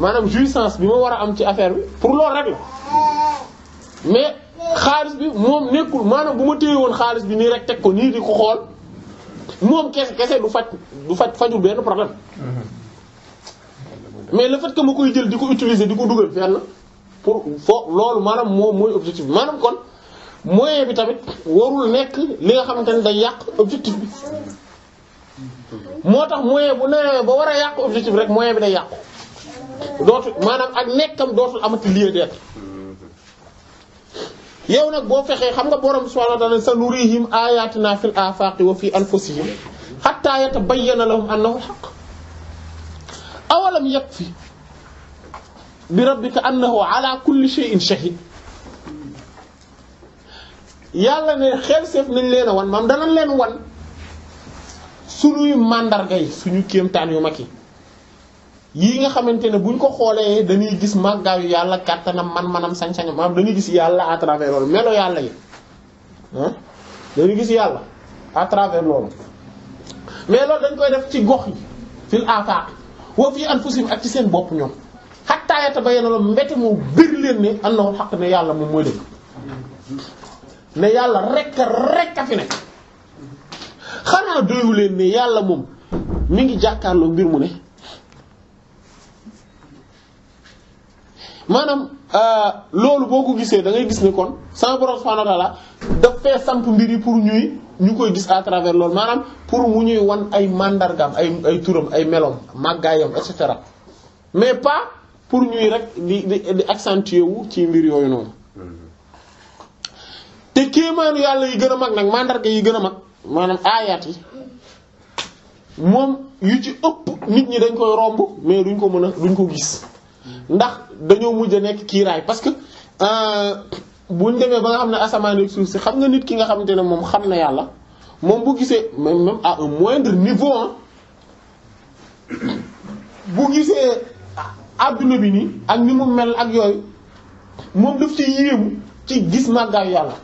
S1: manam jouissance bima wara am ci affaire bi pour loolu rek la mais xaalis bi mom nekul manam buma ma téye woon bi ni rek tek ko ni di ko xool moom kese kese du fat du fat fajul ben problème mais le fait que ma koy jël di utiliser diko ko fenn pour fo manam maanaam moy objectif manam kon moyen bi tamit worul nek li nga xamante ne day yàq objectif bi motax tax moyen bu nee ba wara a objectif rek moyen bi day yàqu. dootul maanaam ak nekkam dootul amati lieu d'être yow nag boo fexee xam nga borom subhanahu wa ta'ala sa nurihim ayatina fil afaqi wa fi anfusihim hatta yatabayyana lahum annahu al-haqq awalam yakfi bi rabbika annahu ala kulli shay'in shahid yàlla ne xel sef nañ leena a wan maam danañ len wan suñuy mandar gay suñu kiyam tan yu makki yii nga xamante ne buñ ko xoolee dañuy gis màggaayu yàlla kàttanam man-manam sañ-sañam maanaam dañuy gis yàlla à travers loolu melo yàlla yi ah gis yàlla à travers loolu mais loolu dañ koy def ci gox yi fil afaq wa fi anfusihim ak ci seen bopp ñoom hatta yatabayyana lahum mbete moo bir leen ne annahu al-haqq ne yàlla moom mooy dëgg ne yàlla rek rek a fi nekk xanaa doyu leen ne yàlla moom mu ngi jàkkaarloo mbir mu ne maanaam euh, loolu boo ko gisee da ngay gis ne kon sama borom subhanahu wa ta'ala daf fee samp mbir yi pour ñuy ñu koy gis à travers loolu maanaam pour mu ñuy wan ay mandargaam ay ay turam ay melom màggaayam et mais pas pour ñuy rek di di di accentuer wu ci mbir yooyu noonu. te kéemaanu yàlla yi gën a mag nag mandarga yi gën a mag maanaam aayaat yi moom yu ci ëpp nit ñi dañ koy romb mais duñ ko mën a duñ ko gis. ndax dañoo mujj a nekk kiiraay parce que euh, bu ñu demee ba nga xam ne asamaan ak suuf si xam nga nit ki nga xamante ne moom xam na yàlla moom bu gisee même même à un moindre niveau bu gisee adduna bi nii ak ni ak yooyu moom daf ci yéemu ci gis màggaayu yàlla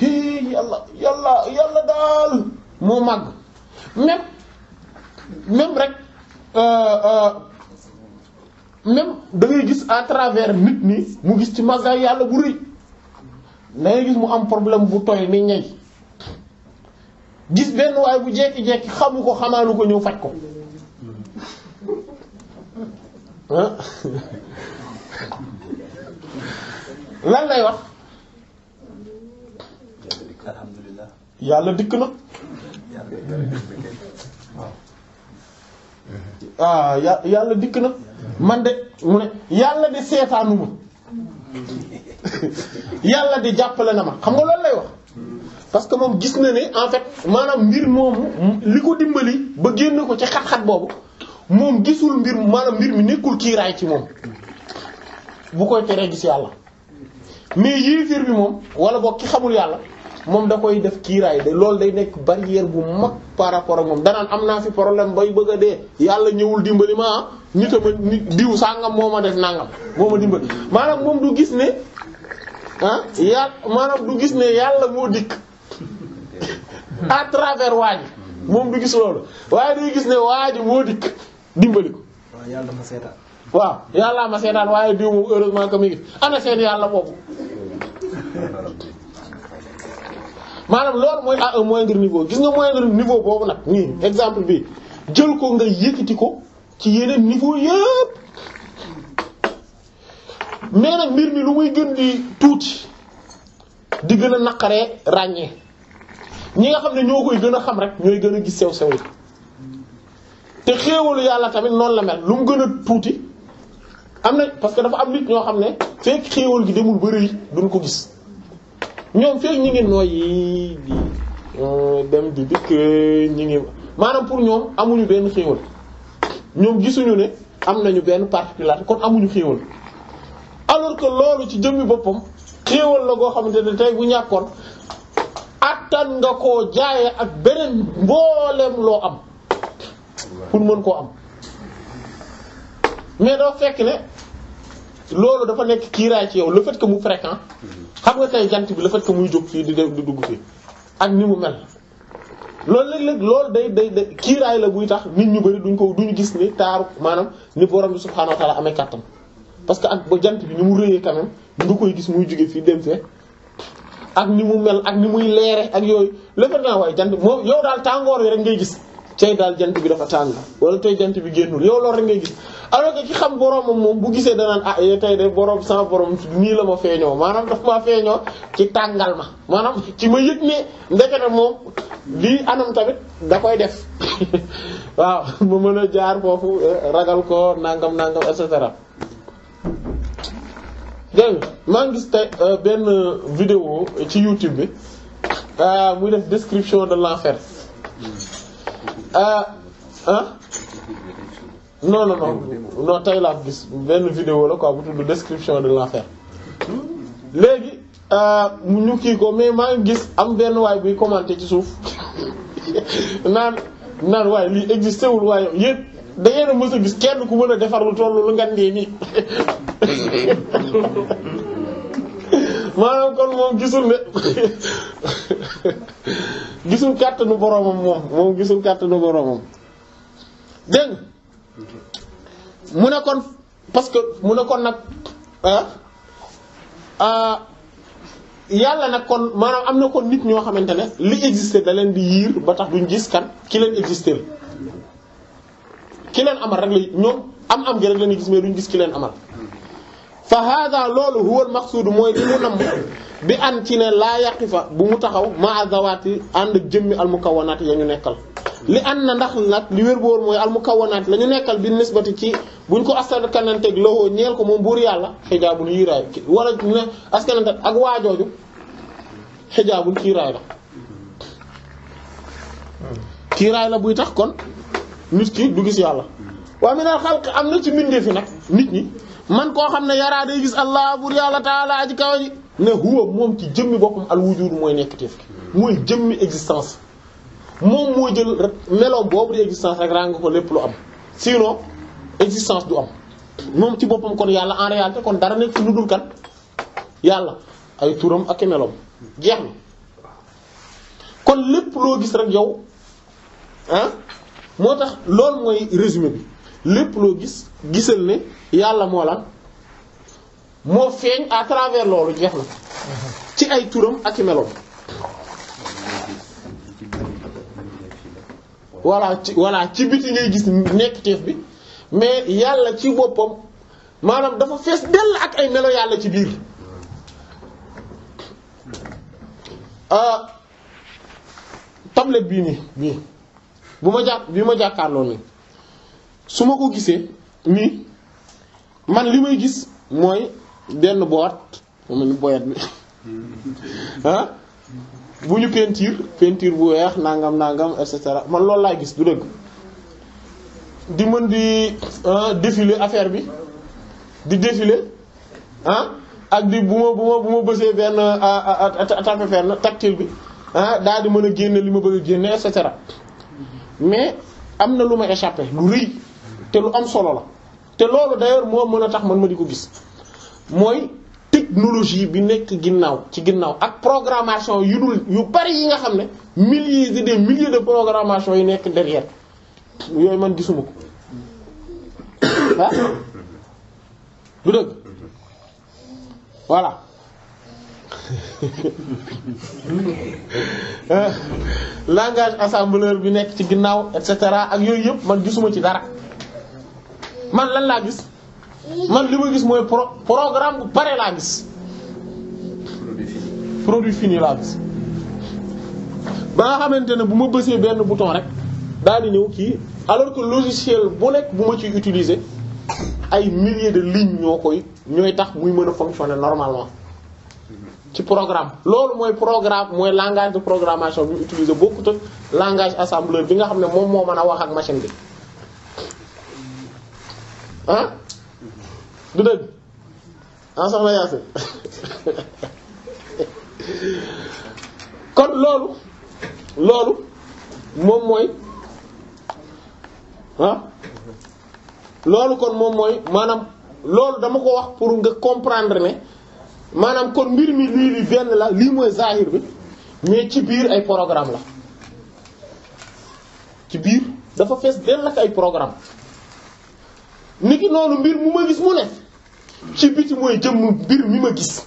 S1: hé yàlla yàlla yàlla daal moo màgg même même rek. Euh, euh, même da gis à travers nit ñi mu gis ci màggaay yàlla bu rëy da gis mu am problème bu toy ni ñay gis benn waay bu jekki-jekki xamu ko xamaanu ko ñëw faj ko lan lay wax yàlla dikk na ah yàlla dikk na man de mu ne yàlla de seetaanu ma yàlla de jàppale na ma xam nga loolu lay wax parce que moom gis na ne en fait maanaam mbir moomu li ko dimbali ba génn ko ci xat-xat boobu moom gisul mbir maanaam mbir mi nekkul kiiraay ci moom bu koy teree gis yàlla mais yéeféer bi moom wala boog ki xamul yàlla mom da koy def kiray de lol day nek barrière bu mak par rapport ak mom da nan amna fi problème bay beug de yalla ñewul dimbali ma ah nit def nangam moma dimbali ah maanaam du gis ne ah ya manam du gis ne yalla mo dik à travers waaj mom du gis lolou waaye day gis ne waaj mo dik dimbali ko. waaw yàlla ma seetaan. wa yalla ma seetaan waye diw moom heureusement ana seen yalla bobu maanaam loolu mooy à un moindre niveau gis nga moindre niveau boobu nag nii exemple bi jël ko nga yëkkati ko ci yeneen niveau yëpp mais nag mbir mi lu muy gën di tuuti di gën a naqaree ràññee ñi nga xam ne ñoo koy gën a xam rek ñooy gën a gis sew sew yi te xéewalu yàlla tamit noonu la mel lu mu gën a tuuti am na parce que dafa am nit ñoo xam ne fekk xéewal gi demul ba rëy duñ ko gis ñoom fekk ñi ngi noyyi di euh, dem bi dikk ñi ngi maanaam pour ñoom amuñu benn xéewal ñoom gisuñu ne am nañu benn particularité kon amuñu xéewal alors que loolu ci jëmmi boppam xéewal la goo xamante ne tey bu ñàkkoon attan nga koo ak beneen mbooleem am pour mën koo am mais doo fekk ne loolu dafa nekk kiiraay ci yow le ko mu fréquent xam nga tey jant bi la ko muy jóg fii di di dugg fii ak ni mu mel loolu léeg-léeg loolu day day day kiiraay la buy tax nit ñu bari duñ ko duñu gis ni taaru maanaam ni borom bi subhaanahu wa ta'aala amee kàttan parce que ak ba jant bi ni mu rëyee quand même nga koy gis muy jóge fii dem fee ak ni mu mel ak ni muy leere ak yooyu la fa naa waaye jant moom yow daal tàngoor yi rek ngay gis tey daal jant bi dafa tàng wala tey jant bi génnul yow loolu rek ngay gis alors que ki xam boromam moom bu gisee danaan ah yooyu eh, tey de borom sama borom nii la ma feeñoo maanaam daf maa feeñoo ci tàngal ma maanaam ci ma yëg ne tamit da koy def mën a jaar foofu eh, ragal ko nangam nangam et cetera. dégg maa gis tey eh, benn vidéo ci YouTube bi muy def description de l'enfer ah non non non non tey laa gis benn vidéo la quoi bu tudd description de l'enfer léegi mu euh, ñu kii ko mais maa ngi gis am benn waay buy commenter ci suuf naan naan waaye lii existé wul waaye yéen da ngeen a gis kenn ku mën a defar lu toll lu ngandee nii maanaam kon moom gisul ne gisul kàttanu boroomam moom moom gisul kàttanu boroomam dégg mu ne kon parce que mu ne kon nag ah, ah, yàlla nag kon maanaam am na kon nit ñoo xamante ne li existé da leen di yiir ba tax duñ gis kan ki leen existé ki leen amal rek la ñoom am am gi rek la ñuy gis mais duñ gis ki leen amal fa hada loolu huwa al mooy li mu namm bi an ci ne laa yaqifa bu mu taxaw maa zawaati ànd ak jëmmi almukawanaat ya ñu nekkal li an na ndax nag li wér boor mooy almukawanaat la ñu nekkal bi nisbati ci buñ ko askananteeg loxo ñeel ko moom buur yàlla xijaabun yiiraay wala ne askanante ak waajooju xijaabun kiiraay la kiiraay la buy tax kon nit ki du gis yàlla waaye mi daal xalq am na ci mbindee fi nag nit ñi man koo xam ne yaraa day gis allah bur yàlla taala aji kaw ji ne huwa moom ci jëmmi boppam al wujud mooy nekk teef mooy jëmmi existence moom moo jël rek melo boobu di existence rek ràng ko lépp lu am sinon existence du am moom ci boppam kon yàlla en réalité kon dara nekk ci lu dul kan yàlla ay turam ak meloom jeex na kon lépp loo gis rek yow ah, moo tax loolu mooy résumé bi lépp loo gis gisal ne yàlla moo lan moo feeñ à travers loolu jeex na ci ay turam ak i meloom voilà ci voilà ci biti ngay gis nekk teef bi mais yàlla ci boppam maanaam dafa fees dell ak ay melo yàlla ci biir euh, tablette bii nii bii bu ma jàpp bi ma jàkkaarloo nii su ma ko gisee nii man limay gis moy benn boîte moom ni boîte bi ah bu ñu peinture peinture bu weex nangam nangam et cetera man loolu laa gis du deug di meun di hein, défiler affaire bi di défiler han hein? ak di buma buma buma ma ben ma bësee benn tapé tactile bi han daal di meuna a génne li ma bëgg a et cetera mais amna luma échapper lu rëy té lu am solo la te loolu d'ailleurs moo mën a tax man ma di ko gis mooy technologie bi nekk ginnaaw ci ginnaaw ak programmation yu dul yu bari yi nga xam ne milliers et des milliers de programmation yi nekk derrière yooyu man gisuma ko ah du dëgg voilà euh, assembleur bi nekk ci ginnaaw et cetera ak yooyu yëpp man gisuma ci dara man lañ laa gis man li ma gis mooy pro programme bu paree laa gis. produit fini laa gis ba nga xamante ne bu ma bësee benn bouton rek daal di ñëw kii alors que logiciel bu nekk bu ma ciy utiliser ay milliers de lignes ñoo koy ñooy tax muy mën a fonctionner normalement. ci programme loolu mooy programme mooy langage de programmation bi ñu utiliser bokkut langage assembleur bi nga xam ne moom moo mën a wax ak machine bi. ah du dëgg ah soxna Yaasin kon loolu loolu moom mooy ah loolu kon moom mooy maanaam loolu dama ko wax pour nga comprendre ne maanaam kon mbir mi lii li benn la lii mooy zahir bi mais ci biir ay programme la ci biir dafa fees benn la ay programme niki noonu mbir mu ma gis mu ne ci biti mooy jëmm mbir mi ma gis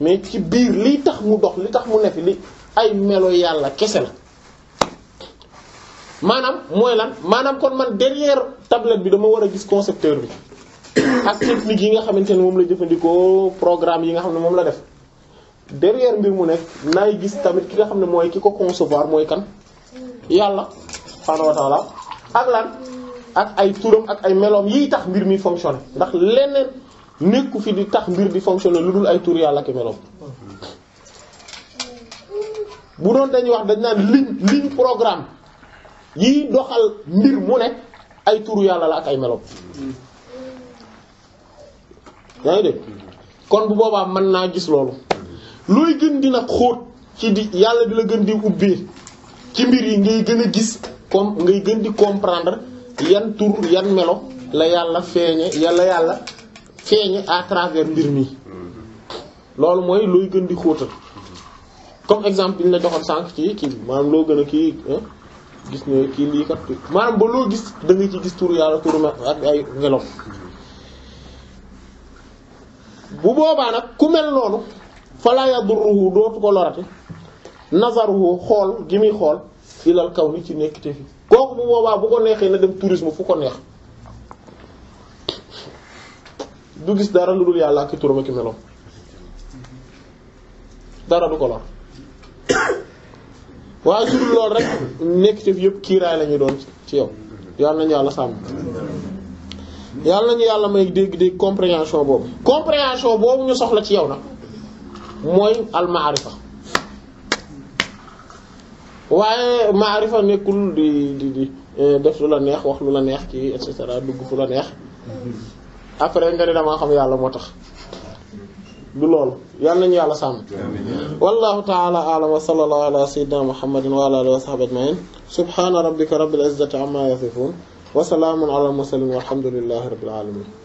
S1: mais ci biir liy tax mu dox li tax mu ne fi li ay melo yàlla kese la maanaam mooy lan maanaam kon man derrière tablette bi dama war a gis consecteur bi ak technique yi nga xamante ne moom la jëfandikoo programme yi nga xam ne moom la def derrière mbir mu nekk naay gis tamit ki nga xam ne mooy ki ko concevoir mooy kan yàlla subhaanahu wa ak lan ak ay turam ak ay meloom yiy tax mbir mi fonctionner ndax leneen nekku fi di tax mbir di fonctionner lu dul ay tur yàlla ak meloom dañuy wax dañ naan programme yiy doxal mbir mu ay turu yàlla ak ay meloom yaa ngi dégg kon bu boobaa mën naa gis loolu looy gën di nag xóot ci di yàlla di la gën di ubbee ci mbir yi ngay gën a gis comme ngay gën di comprendre yan tur yan melo la yàlla feeñe yàlla yàlla feeñe à travers mbir mi loolu mooy looy gën di xóotal comme exemple bi ñu la joxoon ci kii maanaam loo gën a kii gis nga kii lii kat maanaam ba loo gis danga ci gis tur yàlla tur ak ay melo bu boobaa nag ku mel noonu falaa yadurruhu dootu ko lorati nazaruhu xool gi muy xool ilal kaw ni ci nekk te fi kooku bu boobaa bu ko neexee na dem tourisme fu ko neex du gis dara lu dul yàlla ak ki turam ak ki dara du ko la waaye su dul loolu rek nekk ci yëpp kiiraay la ñu doon ci yow yàlla nañu yàlla sàmm yàlla na nañu yàlla may dégg-dégg compréhension boobu compréhension boobu ñu soxla ci yow na mooy al maarifa waaye maarifa nekkul di di di eh, def lu la neex wax lu la neex ci et cetera dugg fu la neex après nga ne damaa xam yàlla moo tax du loolu yàlla nañu yàlla sàmm wallahu ta'ala a'lam wa sallallahu ala sayyidina muhammadin wa ala alihi wa sahbihi ajma'in subhana rabbika rabbil izzati amma yasifun wa salamun ala al mursalin walhamdulillahi rabbil alamin